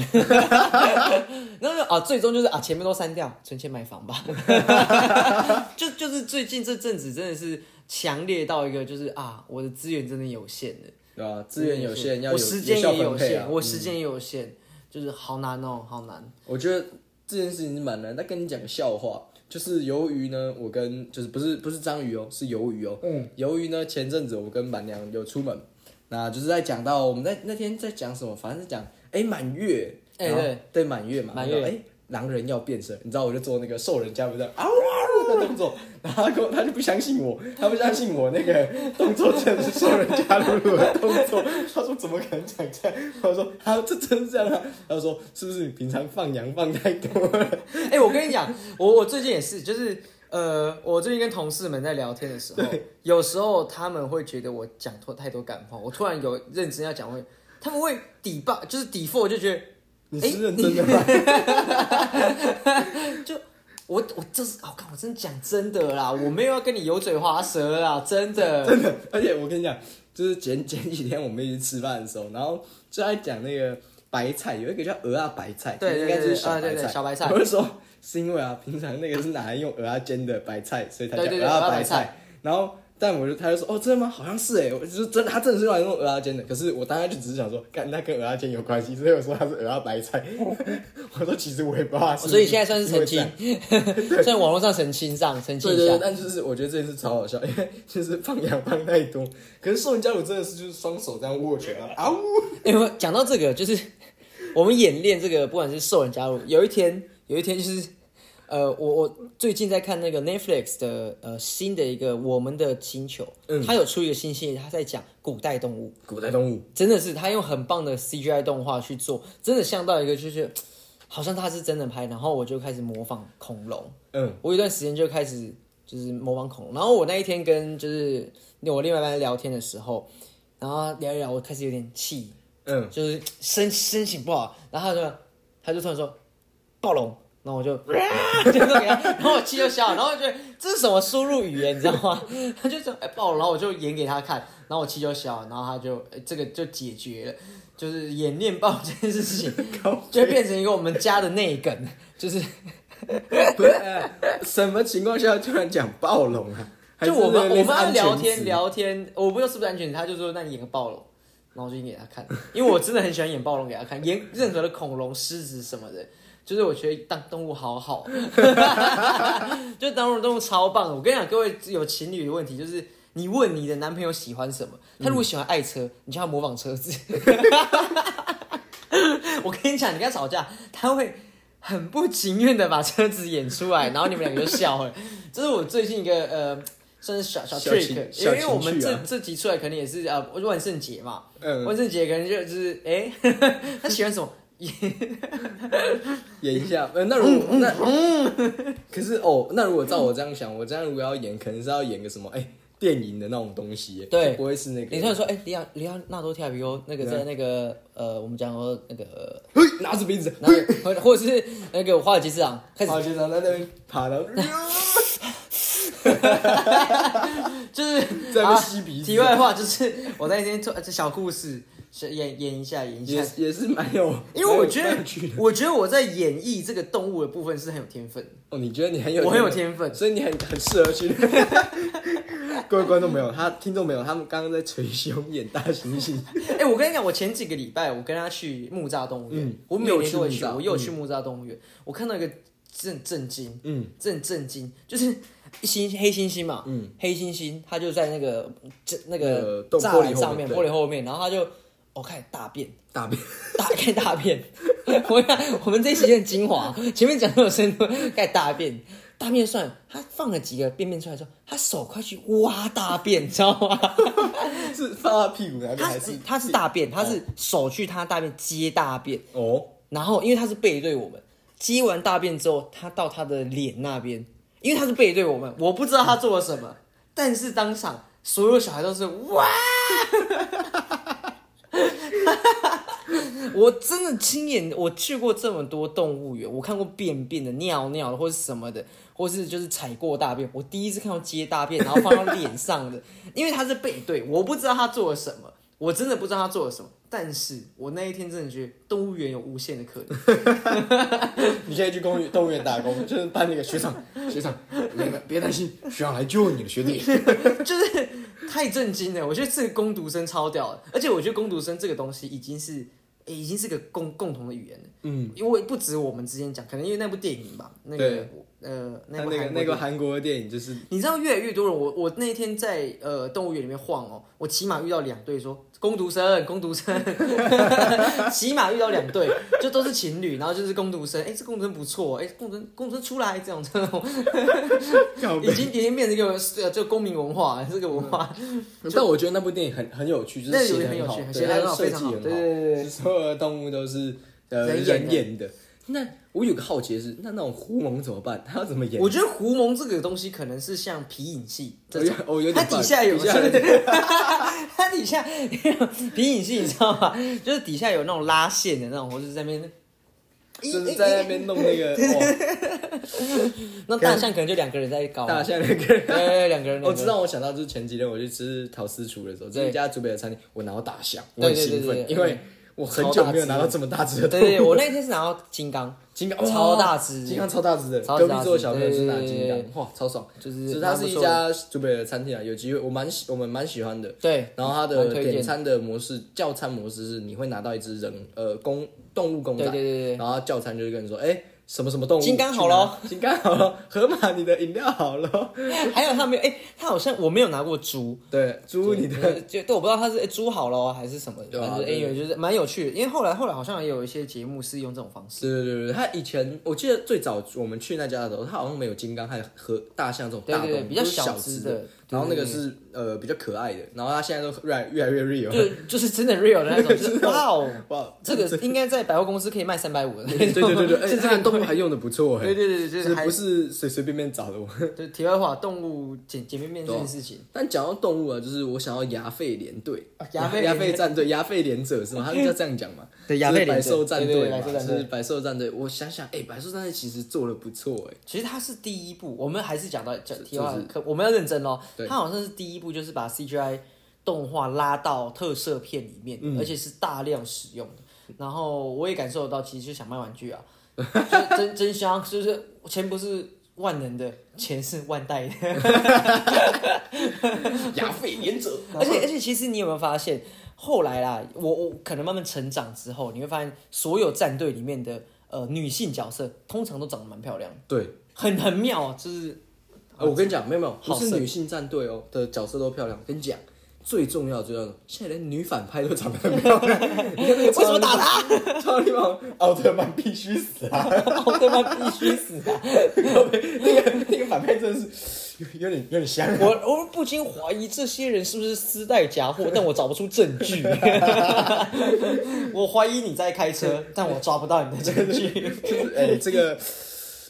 然 後 啊，最終就是啊，前面都刪掉，存錢買房吧。 就就是最近這陣子真的是強烈到一個，就是啊，我的資源真的有限的。對啊，資源有限，就是、要時間也有限，啊、我時間也有限、嗯，就是好難哦，好難。我覺得這件事情蠻難的，但跟你講個笑話，就是魷魚呢，我跟就是不是不是章魚哦，是魷魚哦。嗯。魷魚呢，前陣子我跟板娘有出門。那就是在講到我們在那天在講什麼，反正是講哎滿月，哎、欸、對對滿月嘛，滿月哎、欸、狼人要變色，你知道我就做那個獸人加不知道啊嗚的、啊啊、動作，然後他他就不相信我，他不相信我那個動作真的是獸人加魯的動作， 他說怎麼敢講這樣，他說他、啊、這真的是這樣、啊，他說是不是你平常放羊放太多了？哎、欸，我跟你講，我我最近也是就是。呃，我最近跟同事們在聊天的時候，對、有時候他們會覺得我講太多幹話，我突然有認真要講會，他們會抵爆，就是抵 f 我就覺得你是認真的嗎？欸、 就我我這是，我、哦、看我真的講真的啦，我沒有要跟你油嘴滑舌啦，真的、欸、真的，而且我跟你講，就是前前幾天我們一起吃飯的時候，然後就在講那個。白菜有一個叫蚵仔白菜，對對對，對應該就是小白菜，啊，對對對小白菜。我就說是因為啊，平常那個是拿來用蚵仔煎的白菜，所以它叫蚵仔白、白菜。然後，但我就他就說哦，真的嗎？好像是，欸，我就是真的，他真的是用來用蚵仔煎的。可是我當下就只是想說，幹，那跟蚵仔煎有關係，所以我說它是蚵仔白菜哦。我說其實我也不怕哦。所以現在算是澄清，在 網絡上澄清上澄清一下對對對。但就是我覺得這件事超好笑，因為就是放羊放太多，可是宋家魯真的是就是雙手這樣握拳啊，啊嗚！哎，欸，我講到這個就是。我們演練這個，不管是獸人加入。有一天，有一天就是，呃，我我最近在看那個 Netflix 的呃新的一個《我們的星球》，嗯，他有出一個新系列，他在講古代動物，古代動物，真的是他用很棒的 CGI 動畫去做，真的像到一個就是好像他是真的拍。然後我就開始模仿恐龍，嗯，我有段時間就開始就是模仿恐龍。然後我那一天跟就是我另外一半聊天的時候，然後聊一聊，我開始有點氣。嗯，就是身心情不好，然後他就，他就突然說暴龍，然後我就， 就然後我氣就消了，然後我覺得這是什麼輸入語言，你知道嗎？他就說、哎、暴龍，然後我就演給他看，然後我氣就消了，然後他就、哎、這個就解決了，就是演練暴龍這件事情，就變成一個我們家的內梗，就是， 不是、呃、什麼情況下突然講暴龍啊？就我們我們，我們聊天聊天，我不知道是不是安全，他就說那你演個暴龍。然後我就演給他看，因為我真的很喜歡演暴龍給他看，演任何的恐龍、獅子什麼的，就是我覺得當動物好好， 就當動物超棒的。我跟你講，各位有情侶的問題，就是你問你的男朋友喜歡什麼，他如果喜歡愛車，嗯、你就要模仿車子。 我跟你講，你跟他吵架，他會很不情願的把車子演出來，然後你們兩個就笑了。這、就是我最近一個呃。甚至小小 trick、啊、因為我們這這集出來可能也是呃、啊，萬聖節嘛。嗯、萬聖節可能就是哎，欸、 他喜歡什麼 演一下？呃，那如果那、嗯嗯、可是哦，那如果照我這樣想，我這樣如果要演，嗯、可能是要演個什麼哎、欸，電影的那種東西。對。不會是那個。你像說哎、欸，李奧李奧納多狄卡皮歐那個在那個、嗯、呃，我們講說那個拿着鼻子，或者或者是那個我華爾街市長開始。華爾街市長在那邊爬到。呃呃 哈哈哈哈哈！就是在鼻啊，題外話就是，我在這邊做這小故事演，演 演一下，演一下，也是也是蠻有，因為我覺得，我覺得我在演繹這個動物的部分是很有天分哦。你覺得你很有，我很有天分，所以你很很適合去。 各位觀眾 沒有他，聽眾沒有他們，剛剛在捶胸演大猩猩。哎、 欸，我跟你講，我前幾個禮拜我跟他去木柵動物園、嗯，我沒有去，我沒有去、嗯，我又去木柵動物園、嗯，我看到一個震震驚，嗯，震震驚，就是。一黑猩猩嘛，嗯，黑猩猩他就在那個這那個玻璃上面，玻、呃、璃後，後面，然後他就我、哦、看大便，大便，大，看大便。 我跟你講我們這一集精華，前面講那麼深，看大便，大便算了。他放了幾個便便出來的時候，說他手快去挖大便，你 知道嗎？是放他屁股的還是，是？他是大便，哦、他是手去他大便接大便。哦，然後因為他是背對我們，接完大便之後，他到他的臉那邊。因為他是背對我們，我不知道他做了什麼，但是當場所有小孩都是哇！ 我真的親眼我去過這麼多動物園，我看過便便的、尿尿的，或是什麼的，或是就是踩過大便，我第一次看到接大便然後放到臉上的， 因為他是背對，我不知道他做了什麼。我真的不知道他做了什麼，但是我那一天真的覺得動物園有無限的可能。 你現在去公園動物園打工，就是當那個學長，學長，別別擔心，學長來救你了，學弟。 就是太震驚了，我覺得這個工讀生超屌，而且我覺得工讀生這個東西已經是、欸、已經是個共共同的語言了。嗯，因為不止我們之間講，可能因為那部電影吧。那個。對。呃，那那個韓、那個、國的電,、那個、電影就是，你知道，越來越多人。我我那天在呃動物園裡面晃哦、喔，我起碼遇到兩對說“工讀生，工讀生”， 起碼遇到兩對，就都是情侶，然後就是工讀生。哎、欸，這工讀生不錯，哎、欸，工讀工讀生出來，這種這種，已經已經變成一個這個公民文化、嗯，這個文化。但我覺得那部電影很很有趣，就是寫很,很有趣，寫的好，設計很對,對,對，所有的動物都是呃人演,人演的。那我有個好奇的是，那那種糊蒙怎麼辦？他要怎麼演？我覺得胡蒙這個東西可能是像皮影戲、哦，它底下有像，底下有，是不是 它底下皮影戲你知道嗎？就是底下有那種拉線的那種，就是、在那邊，就是在那邊弄那個。 那大象可能就兩個人在搞大象兩 對對對，兩個人，兩個人。我知道，我想到就是前幾天我去吃陶斯廚的時候，在一家祖北的餐廳，我拿到大象，我很興奮，對對對對對，因為我很久沒有拿到這麼大只的。對對、對對，我那天是拿到金剛。金剛、哦、超大隻，金剛超大隻的值大值，隔壁桌的小朋友就拿金剛，哇，超爽！就是，其實它是一家台北的餐廳啊，有機會我蠻喜，我們蠻喜歡的。對，然後它的點餐的模式的叫餐模式是，你會拿到一隻人呃公，動物公仔，對對對，對然後叫餐就是跟你說，哎、欸。什麼什麼動物？金剛好咯，金剛好咯，河馬，你的飲料好咯。 還有他沒有，哎、欸，他好像我沒有拿過豬，對，豬你的就，就對，我不知道他是哎豬、欸、好咯，還是什麼，對啊，因為就是蠻、就是、有趣的，因為後來後來好像也有一些節目是用這種方式，對對對，他以前我記得最早我們去那家的時候，他好像沒有金剛還有和大象這種大動物，對對對，比較小隻的。然後那個是呃比較可愛的，然後他現在都越越來越 real，就，就是真的 real 的那種， 就是哇哦哇，這個應該在百貨公司可以賣三百五的那種，對對對對，甚 至、欸、動物還用得不錯、欸，對對對對，就是就是、不是隨隨便便找的，我對，題外話，動物簡簡便便這件事情，但講到動物啊，就是我想要牙吠聯隊，牙吠牙吠戰隊，牙吠聯者是嗎？他們要這樣講嘛？ 對，牙吠、就是、百獸戰隊嘛，是百獸戰隊。我想想，哎、欸，百獸戰隊其實做得不錯哎、欸，其實它是第一步，我們還是講到講題、就是、外我們要認真哦。他好像是第一部，就是把 C G I 動畫拉到特攝片裡面、嗯，而且是大量使用的。然後我也感受到，其實就想賣玩具啊， 真真香！就是錢不是萬能的，錢是萬代的。亞飛嚴者。 而且而且，其實你有沒有發現，後來啦，我我可能慢慢成長之後，你會發現，所有戰隊裡面的呃女性角色，通常都長得蠻漂亮的，對，很很妙，就是。哎、啊，我跟你講，沒有沒有，好，是女性戰隊哦的角色都漂亮。跟你講，最重要的就是現在連女反派都長得很漂亮。 為什麼打她？超力王奧特曼必須死啊！奧 特曼必須死啊！ 那個那個反派真的是有有點有點像，啊。我我不禁懷疑這些人是不是私帶假貨， 但我找不出證據。 我懷疑你在開車，但我抓不到你的證據。哎、 就是欸，這個。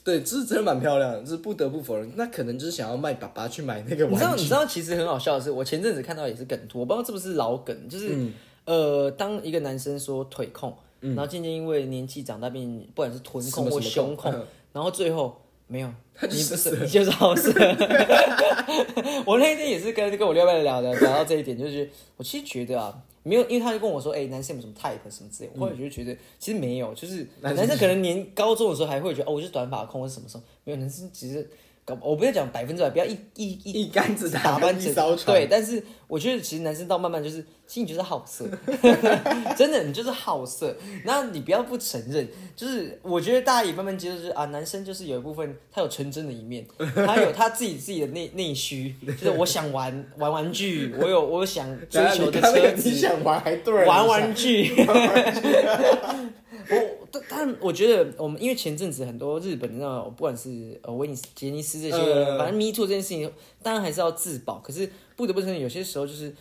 對，這是真的蠻漂亮的，就是不得不否認，那可能就是想要賣粑粑去買那個玩具。你知道，你知道其實很好笑的是，我前陣子看到也是梗圖，我不知道是不是老梗，就是、嗯、呃，當一個男生說腿控，嗯、然後漸漸因為年紀長大變，不管是臀控或胸控，什麼什麼呃、然後最後沒有，你不是你就是好色。 我那天也是跟跟我另外的聊的，聊到這一點，就是 我其實覺得啊。沒有，因為他就跟我說：“哎，男生有什麼 type 什麼之類的？”我後來就覺得，嗯，其實沒有，就是男生可能念高中的時候還會覺得，哦，我就是短髮控，我是什麼時候，沒有，男生其實。我不要講百分之百，不要一一一竿子打翻整艘船。對，但是我覺得其實男生倒慢慢就是，心裡就是好色， 真的，你就是好色。那你不要不承認，就是我覺得大家也慢慢接受，就是啊，男生就是有一部分他有純真的一面，他有他自己自己的內內需，就是我想玩玩玩具，我有我有想追求的車子，一你你想玩還對，玩玩具。 我但但我覺得我們因為前陣子很多日本的，不管是呃威尼斯、傑尼斯這些，呃、反正 MeToo 這件事情，當然還是要自保。可是不得不承認，有些時候就是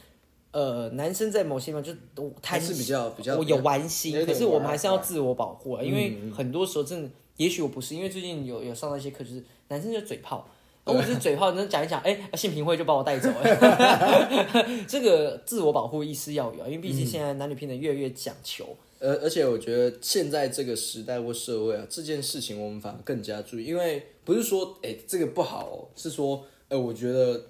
呃，男生在某些地方就，就、哦、他是比較比較我有玩心有玩。可是我們還是要自我保護、啊嗯，因為很多時候真的，也許我不是。因為最近有有上到一些課，就是男生就嘴炮，我是嘴炮，能講一講，哎、嗯，性、欸、平會就把我帶走了。 這個自我保護意識要有，因為畢竟現在男女平等越來越講求。而而且我覺得現在這個時代或社會啊，這件事情我們反而更加注意，因為不是說誒、欸、這個不好、哦，是說哎、欸、我覺得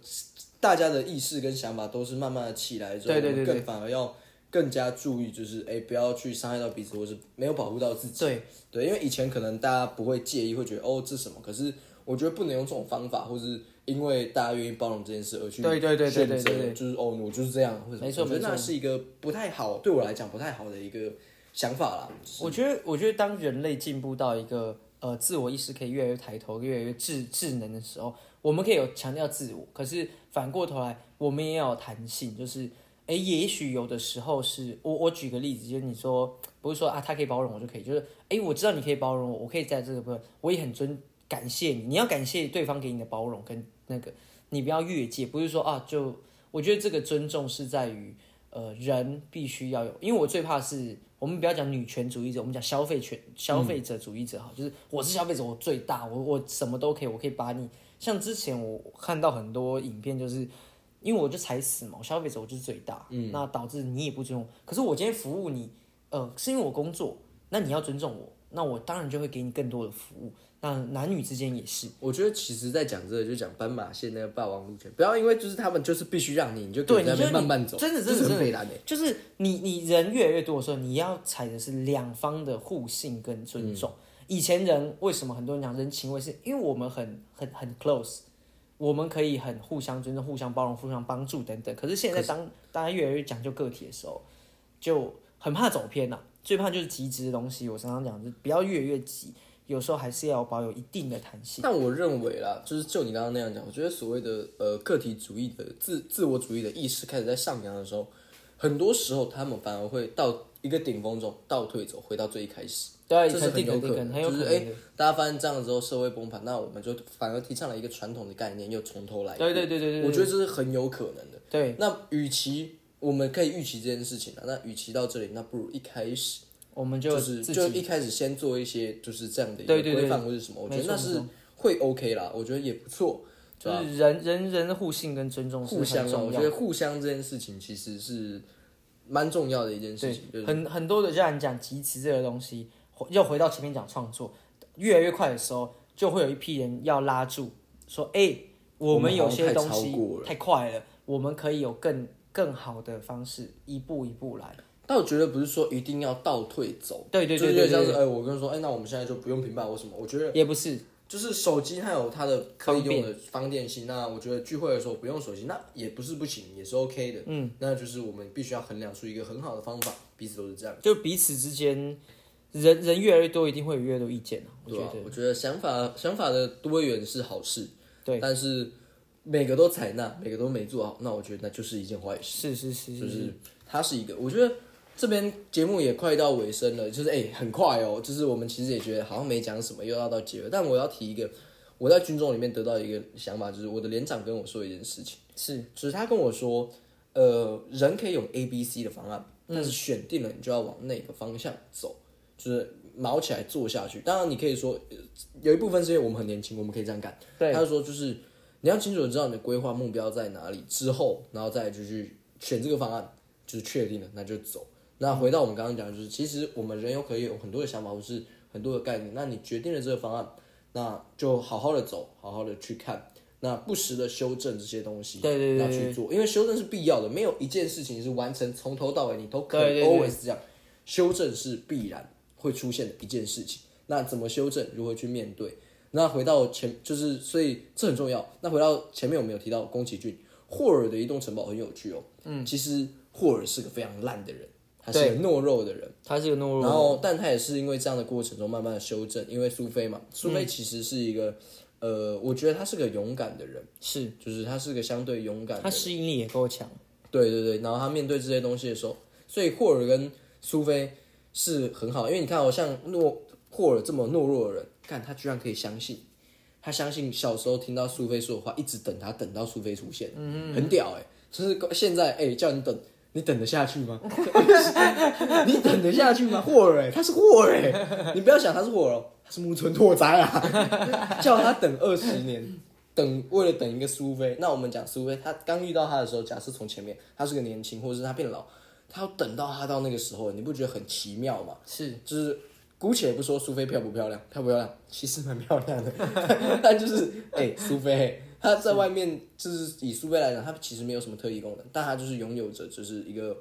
大家的意識跟想法都是慢慢的起來之後，對對對,對，更反而要更加注意，就是誒、欸、不要去傷害到彼此，或是沒有保護到自己。對對，因為以前可能大家不會介意，會覺得哦這是什麼，可是我覺得不能用這種方法，或是因為大家願意包容這件事而去，對對對對對,對，就是哦我就是這樣，或者沒錯沒錯，那是一個不太好，對我來講不太好的一個。想法啦，我覺得，我覺得當人類進步到一個呃自我意識可以越來越抬頭、越來越智智能的時候，我們可以有強調自我，可是反過頭來，我們也要有彈性。就是，誒、欸、也許有的時候是我，我舉個例子，就是你說不是說啊，他可以包容我就可以，就是哎、欸，我知道你可以包容我，我可以在這個部分，我也很尊感謝你。你要感謝對方給你的包容跟那個，你不要越界，不是說啊，就我覺得這個尊重是在於呃人必須要有，因為我最怕是。我們不要講女權主義者，我們講消費權、消費者主義者哈，嗯，就是我是消費者，我最大，我我什麼都可以，我可以把你，像之前我看到很多影片，就是因為我就踩死嘛，我消費者我就是最大，嗯，那導致你也不尊重，可是我今天服務你，呃，是因為我工作，那你要尊重我，那我當然就會給你更多的服務。男女之間也是，我覺得其實，在講這個就講斑馬線那個霸王路權，不要因為就是他們就是必須讓你，你就跟在那邊慢慢走，真的，就是很悲哀，就是你你人越來越多的時候，你要踩的是兩方的互信跟尊重。嗯，以前人為什麼很多人講人情味，是因為我們很很很 close，我們可以很互相尊重，互相包容，互相幫助等等。可是現在當大家越來越講究個體的時候，就很怕走偏了，最怕就是極致的東西。我常常講，就不要越來越急。有時候還是要保有一定的彈性，但我認為啦，就是就你剛剛那樣講，我覺得所謂的呃個體主義的自自我主義的意識開始在上揚的時候，很多時候他們反而會到一個頂峰中倒退走，回到最一開始，對，這是很有可能，有可能，就是哎，欸，大家發現這樣子之後社會崩盤，那我們就反而提倡了一個傳統的概念，又從頭來，對，對對對對對，我覺得這是很有可能的。對，那與其我們可以預期這件事情啊，那與其到這裡，那不如一開始。我們就自己，就是就一開始先做一些，就是這樣的一個規範或者什麼，我覺得那是會 OK 啦，我覺得也不錯。就是人，嗯、人人互信跟尊重是很重要互相，啊，我覺得互相這件事情其實是蠻重要的一件事情。對，就是，很很多的，就像你講集資這個東西，又回到前面講創作越來越快的時候，就會有一批人要拉住，說：“哎、欸，我們有些東西太快了，我們，我們可以有更更好的方式，一步一步來。”但我覺得不是說一定要倒退走，對對對對，對，對，對，對是是，這樣子哎，我跟你說，哎、欸，那我們現在就不用平板或什麼，我覺得也不是，就是手機還有它的可以用的方便性。那我覺得聚會的時候不用手機，那也不是不行，也是 OK 的。嗯，那就是我們必須要衡量出一個很好的方法，彼此都是這樣，就彼此之間人人越來越多，一定會有越、越多意見啊。對我覺得想法想法的多元是好事，對，但是每個都採納，每個都沒做好，那我覺得那就是一件壞事。是是是，是，就是它是一個，我覺得。這邊節目也快到尾聲了，就是哎、欸，很快哦。就是我們其實也覺得好像沒講什麼，又要到結尾。但我要提一個，我在軍中裡面得到一個想法，就是我的連長跟我說一件事情，是，就是他跟我說，呃，人可以用 A、B、C 的方案，但是選定了你就要往那個方向走，嗯、就是卯起來做下去。當然，你可以說有一部分是因為我們很年輕，我們可以這樣幹。對，他就說就是你要清楚知道你的規劃目標在哪裡之後，然後再就去選這個方案，就是確定了那就走。那回到我們剛剛講的，就是其實我們人有可以有很多的想法，或是很多的概念。那你決定了這個方案，那就好好的走，好好的去看，那不時的修正這些東西，對對對，對，要去做，因為修正是必要的。沒有一件事情是完成從頭到尾，你都可以 always 這樣。修正是必然會出現的一件事情。那怎麼修正？如何去面對？那回到前，就是所以這很重要。那回到前面，我們有提到宮崎駿、霍爾的移動城堡很有趣哦。嗯，其實霍爾是個非常爛的人。他是個懦弱的人，他是個懦弱人。然後，但他也是因為這樣的過程中慢慢的修正。因為蘇菲嘛，蘇菲其實是一個、嗯，呃，我覺得他是個勇敢的人，是，就是他是個相對勇敢的人，他適應力也夠強。對對對，然後他面對這些東西的時候，所以霍爾跟蘇菲是很好，因為你看、哦，我像諾霍爾這麼懦弱的人，看他居然可以相信，他相信小時候聽到蘇菲說的話，一直等他，等到蘇菲出現，嗯，嗯，很屌誒、欸，就是現在哎、欸，叫你等。你等得下去嗎？ 你等得下去嗎？ 霍爾，他是霍爾， 你不要想他是霍爾喔，他是木村拓哉啊！ 叫他等二十年，等，為了等一個蘇菲。那我們講蘇菲，他剛遇到他的時候，假設從前面，他是個年輕，或者是他變老，他要等到他到那個時候，你不覺得很奇妙嗎？是，就是姑且不說蘇菲漂不漂亮，漂不漂亮，其實蠻漂亮的， 但就是誒，蘇菲，欸。欸他在外面，就是以蘇菲來講，他其實沒有什麼特異功能，但他就是擁有着，就是一個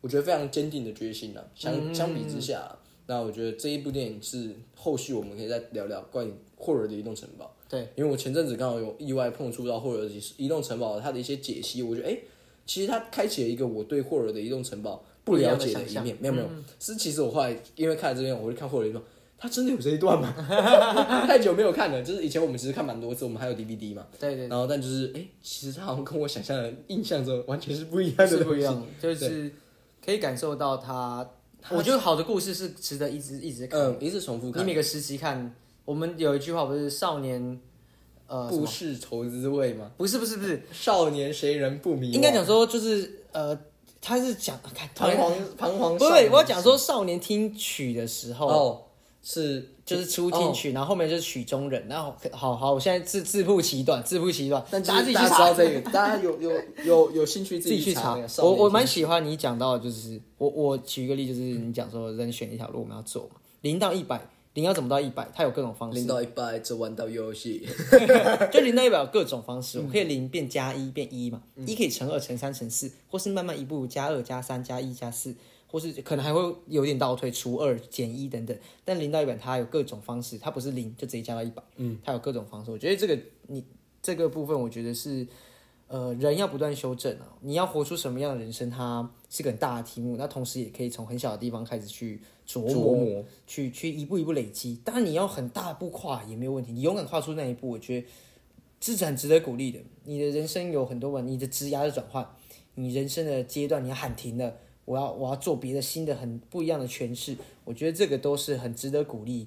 我覺得非常堅定的決心呢、啊。相相比之下、啊嗯，那我覺得這一部電影是後續我們可以再聊聊關於霍爾的移動城堡。對，因為我前陣子剛好有意外碰觸到霍爾的移動城堡，它的一些解析，我覺得誒、欸，其實它開啟了一個我對霍爾的移動城堡不了解的一面。想想沒有沒有、嗯，是其實我後來因為看了這邊，我就看霍爾的移動。他真的有這一段嗎？ 太久沒有看了，就是以前我們其實看蠻多次，我們還有 DVD 嘛。對對，對。然後，但就是，哎、欸，其實他好像跟我想象的印象中完全是不一樣的。是不一樣，就是可以感受到他，他。我覺得好的故事是值得一直一直看，嗯、呃，一直重複看。你每個時期看，我們有一句話不是“少年，呃，不是愁滋味嗎”嗎？不是，不是，不是。少年誰人不迷？應該講說就是，呃，他是講彷徨，彷徨。彷徨不對，我要講說少年聽曲的時候。哦是，就是出進去，然後後面就是曲中人。然後好好，好，我現在自自曝其短，自曝其短。大家自己去查這個，大家有有有有興趣自己，查自己去查。我我蠻喜歡你講到，就是我我舉一個例，就是你講說任、嗯、選一條路我們要走嘛，零到一百，零要怎麼到一百？它有各種方式。零到一百，走完到遊戲， 就零到一百有各種方式。我可以零變加一變一嘛，一、嗯、可以乘二乘三乘四，或是慢慢一步加二加三加一加四。或是可能還會有點倒退，除二減一等等，但零到一百它有各種方式，它不是零就直接加到一百，嗯，它有各種方式。我覺得這個你這個部分，我覺得是呃，人要不斷修正啊，你要活出什麼樣的人生，它是個很大的題目。那同時也可以從很小的地方開始去琢磨，琢磨去去一步一步累積。當然你要很大步跨也沒有問題，你勇敢跨出那一步，我覺得這是很值得鼓勵的。你的人生有很多嘛，你的職涯的轉換，你人生的階段，你要喊停的。我要我要做別的新的很不一樣的詮釋，我覺得這個都是很值得鼓勵，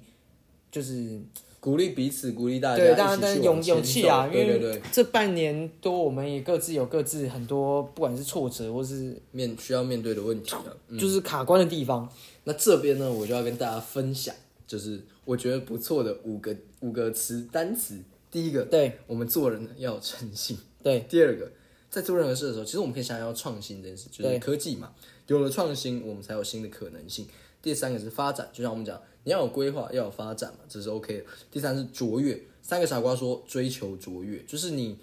就是鼓勵彼此，鼓勵大家。對，大家都勇勇氣啊，對對對，因為這半年多，我們也各自有各自很多，不管是挫折或是面需要面對的問題啊，嗯，就是卡關的地方。那這邊呢，我就要跟大家分享，就是我覺得不錯的五個五個詞單詞。第一個，對我們做人要誠信。對，第二個，在做任何事的時候，其實我們可以想要創新這件事，就是科技嘛。有了創新，我們才有新的可能性。第三個是發展，就像我們講，你要有規劃，要有發展嘛，這是 OK 的。第三是卓越，三個傻瓜說追求卓越，就是你，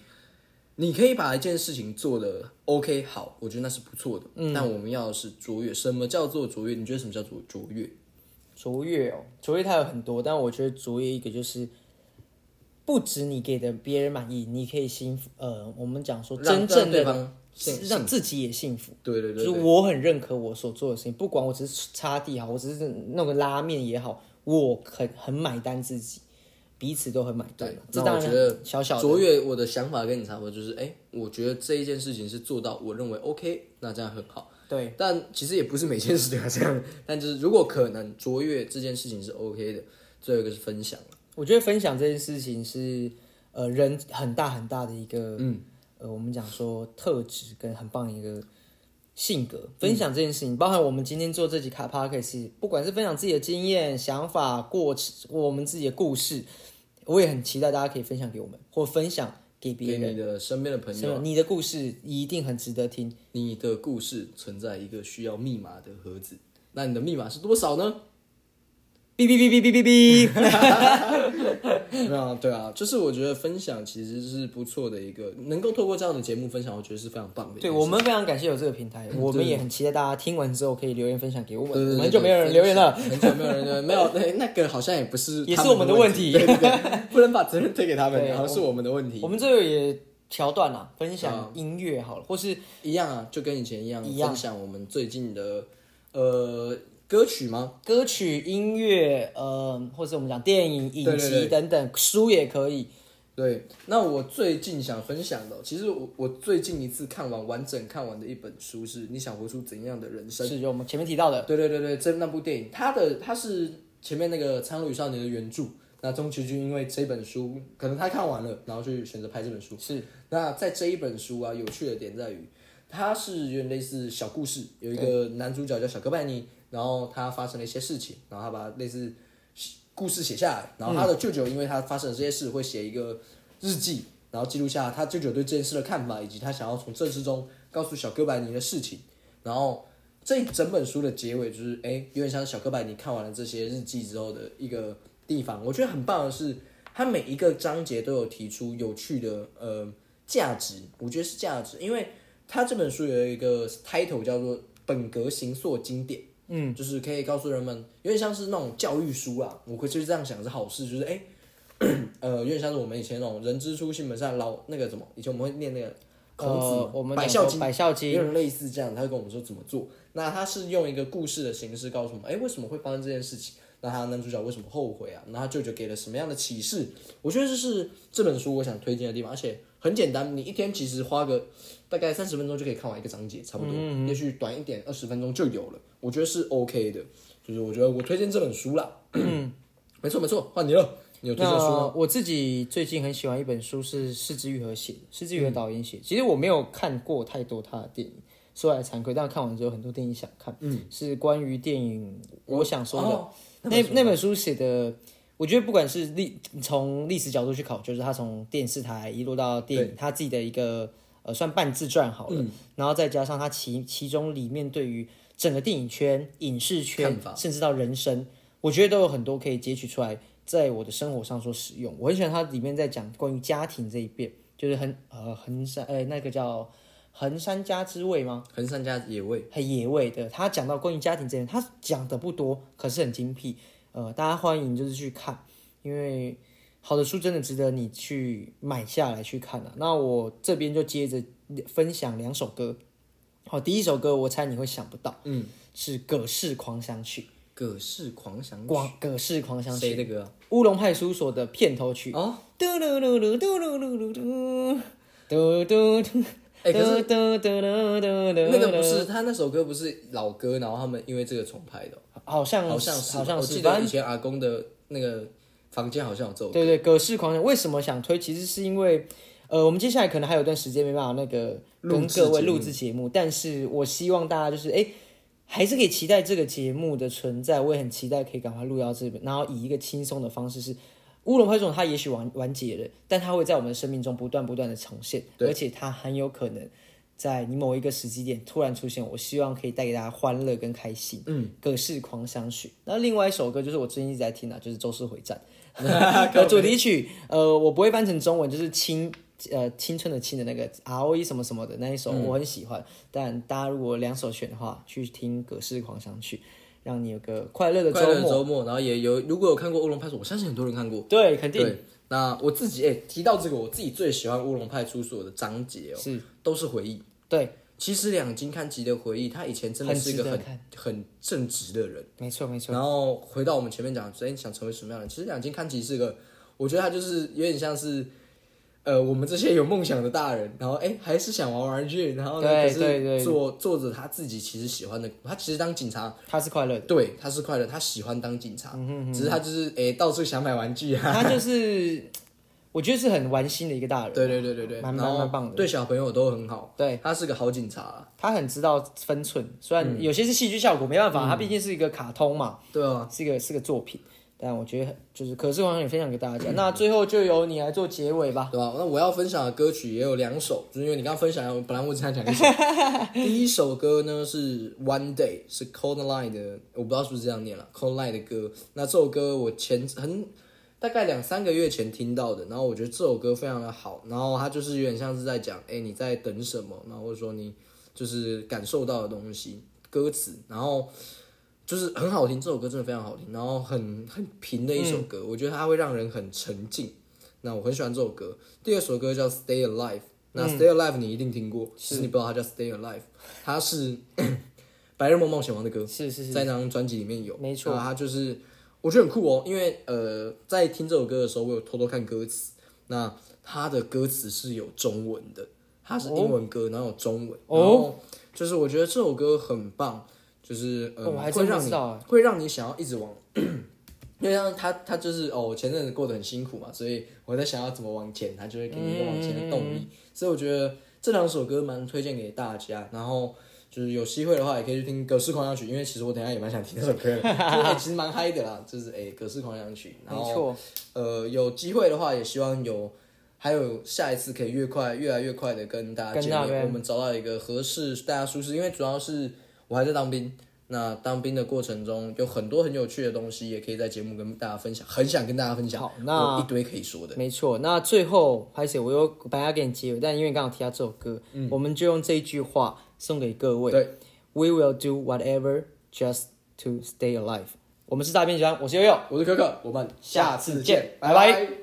你可以把一件事情做得 OK 好，我覺得那是不錯的。嗯，但我們要的是卓越。什麼叫做卓越？你覺得什麼叫做卓越？卓越哦，卓越它有很多，但我覺得卓越一個就是。不止你給的別人滿意，你可以幸福。呃，我們講說，真正的讓對方讓自己也幸福。對對對，對，就是我很認可我所做的事情，不管我只是擦地也好，我只是弄個拉麵也好，我很很買單自己，彼此都很買單。這我覺得小小卓越。我的想法跟你差不多，就是哎、欸，我覺得這一件事情是做到我認為 OK，那這樣很好。對，但其實也不是每件事都要、啊、這樣，但就是如果可能，卓越這件事情是 OK 的。最後一個是分享了我覺得分享這件事情是，呃，人很大很大的一個，嗯，呃，我們講說特質跟很棒的一個性格，嗯。分享這件事情，包含我們今天做這集卡帕克，是不管是分享自己的經驗、想法、過程，我們自己的故事，我也很期待大家可以分享給我們，或分享給別人，給你的身邊的朋友，你的故事一定很值得聽。你的故事存在一個需要密碼的盒子，那你的密碼是多少呢？嗶嗶嗶嗶嗶嗶嗶！ 啊，對啊，就是我覺得分享其實是不錯的一個，能夠透過這樣的節目分享，我覺得是非常棒的。對，我們非常感謝有這個平台，我們也很期待大家聽完之後可以留言分享給我，對對對我們。很久沒有人留言了，很久 沒，沒有人，沒有，那那個好像也不是，也是我們的問題，對對對 不能把責任推給他們，好像是我們的問題。我們這個也橋段啊，分享音樂好了，啊、或是一樣啊，就跟以前一樣，一樣，分享我們最近的，呃。歌曲嗎？歌曲、音樂，呃，或者我們講電影、影集等等對對對，書也可以。對，那我最近想分享的、哦，其實我我最近一次看完完整看完的一本書是《你想活出怎樣的人生》。是，我們前面提到的。對對對對，這那部電影，它的它是前面那個《蒼鷺與少年》的原著。那宮崎駿因為這本書，可能他看完了，然後就選擇拍這本書。是。那在這一本書啊，有趣的點在於，它是有點類似小故事，有一個男主角叫小哥白尼。然後他發生了一些事情，然後他把類似故事寫下來。然後他的舅舅，因為他發生了這些事，會寫一個日記，嗯、然後記錄下他舅舅對這件事的看法，以及他想要從這件事中告訴小哥白尼的事情。然後這整本書的結尾，就是哎，有點像小哥白尼看完了這些日記之後的一個地方。我覺得很棒的是，他每一個章節都有提出有趣的呃價值，我覺得是價值，因為他這本書有一個 title 叫做《本格形塑經典》。嗯，就是可以告訴人們，有點像是那種教育書啊，我會就這樣想是好事，就是哎、欸，呃，有點像是我們以前那種“人之初，性本善”老那個什麼，以前我們會念那個孔子，呃、我們《百孝經》《百孝經》，有點類似這樣，他會跟我們說怎麼做。那他是用一個故事的形式告訴我們，哎、欸，為什麼會發生這件事情？那他男主角為什麼後悔啊？那他舅舅給了什麼樣的啟示？我覺得這是這本書我想推薦的地方，而且很簡單，你一天其實花個大概三十分鐘就可以看完一個章節，差不多，嗯、也許短一點二十分鐘就有了。我覺得是 OK 的，就是我覺得我推薦這本書啦。 沒錯沒錯，換你了。你有推薦書嗎？Uh, 我自己最近很喜歡一本書，是是枝裕和寫的，是枝裕和導演寫、嗯、其實我沒有看過太多他的電影，說來慚愧。但是看完之後，很多電影想看。嗯、是關於電影我，我想說的、哦、那那本書寫的、哦，我覺得不管是歷從歷史角度去考，就是他從電視台一路到電影，他自己的一個呃算半自傳好了、嗯。然後再加上他其其中裡面對於整個電影圈、影視圈，甚至到人生，我覺得都有很多可以截取出來，在我的生活上所使用。我很喜歡它裡面在講關於家庭這一邊，就是橫呃橫山呃那個叫橫山家之味嗎？橫山家野味，很野味的。他講到關於家庭這邊，他講的不多，可是很精闢。呃，大家歡迎就是去看，因為好的書真的值得你去買下來去看了啊。那我這邊就接着分享兩首歌。好，第一首歌我猜你會想不到，嗯，是《葛氏狂想曲》。《葛氏狂想曲》。《葛氏狂想曲》誰的歌？《烏龍派出所》的片頭曲。哦，嘟嚕嚕嚕嘟嚕嚕嚕嘟嘟嘟。哎，可是那個不是他那首歌，不是老歌，然後他們因為這個重拍的哦。好像好像，好像是我記得以前阿公的那個房間好像有奏。對對，《葛氏狂想》為什麼想推？其實是因為。呃，我們接下來可能還有段時間沒辦法那個跟各位錄制節目，但是我希望大家就是哎、欸，還是可以期待這個節目的存在，我也很期待可以趕快錄到這邊，然後以一個輕鬆的方式是，是烏龍派出所它也許完完結了，但它會在我們的生命中不斷不斷的重現，而且它很有可能在你某一個時機點突然出現。我希望可以帶給大家歡樂跟開心。嗯，各式狂想曲。那另外一首歌就是我最近一直在聽的、啊，就是《周四回戰》的 可 主題曲。呃，我不會翻成中文，就是輕。呃，青春的青的那個 R O E 什麼什麼的那一首我很喜歡，嗯、但大家如果兩首選的話，去聽《格式狂想曲》，讓你有個快樂的周末，快樂的周末。然後也有，如果有看過《烏龍派出所》，我相信很多人看過。對，肯定。那我自己哎、欸，提到這個，我自己最喜歡《烏龍派出所》的章節哦、喔，是，都是回憶。對，其實兩津勘吉的回憶，他以前真的是一個很很,很正直的人。沒錯，沒錯。然後回到我們前面講，所以你想成為什麼樣的人？其實兩津勘吉是個，我覺得他就是有點像是。呃，我們這些有夢想的大人，然後哎、欸，還是想玩玩具，然後呢，對，可是做對對對，做着他自己其實喜歡的，他其實當警察，他是快樂的，對，他是快樂，他喜歡當警察，嗯嗯只是他就是哎、欸，到處想買玩具啊，他就是，我覺得是很玩心的一個大人，對對對對對，蠻蠻蠻棒的，對小朋友都很好，對，他是個好警察、啊，他很知道分寸，雖然有些是戲劇效果，沒辦法，嗯、他畢竟是一個卡通嘛，對哦、啊。是一個是個作品。但我覺得就是，可是我想也分享給大家。那最後就由你來做結尾吧， 對吧、啊？那我要分享的歌曲也有兩首，就是因為你剛剛分享本來我只想講一首。 第一首歌呢是《One Day》，是 Cold Line 的，我不知道是不是這樣念了，Cold Line 的歌。那這首歌我前很大概兩三個月前聽到的，然後我覺得這首歌非常的好，然後它就是有點像是在講，哎、欸，你在等什麼？那或者說你就是感受到的東西，歌詞，然後。就是很好聽，這首歌真的非常好聽，然後很很平的一首歌，嗯，我覺得它會讓人很沉靜。那我很喜歡這首歌。第二首歌叫《Stay Alive Stay、嗯》，那《Stay Alive》你一定聽過，其實，你不知道它叫《Stay Alive》，它是《 白日夢冒險王》的歌，是是是，是，在那張專輯裡面有，沒錯，啊。它就是我覺得很酷哦，因為呃，在聽這首歌的時候，我有偷偷看歌詞。那它的歌詞是有中文的，它是英文歌，oh? 然後有中文。哦，oh?，就是我覺得這首歌很棒。就是呃，會讓你會讓你想要一直往， 因為像他他就是哦，前陣子過得很辛苦嘛，所以我在想要怎麼往前，他就會給你一個往前的動力。嗯、所以我覺得這兩首歌蠻推薦給大家。然後就是有機會的話，也可以去聽《格式狂想曲》，因為其實我等一下也蠻想聽這首歌的。哎、 欸，其實蠻嗨的啦，就是哎，欸《格式狂想曲》然後。沒錯。呃，有機會的話，也希望有還有下一次可以越快越來越快的跟大家見面。我們找到一個合適大家舒適，因為主要是。我還在當兵，那當兵的過程中有很多很有趣的東西，也可以在節目跟大家分享，很想跟大家分享。好，那有一堆可以說的。沒錯，那最後還是我又把它給你結尾，但因為剛好提到這首歌，嗯，我們就用這一句話送給各位。對，We will do whatever just to stay alive。我們是大兵小將，我是悠悠，我是可可，我們下次見，下次見拜拜。拜拜。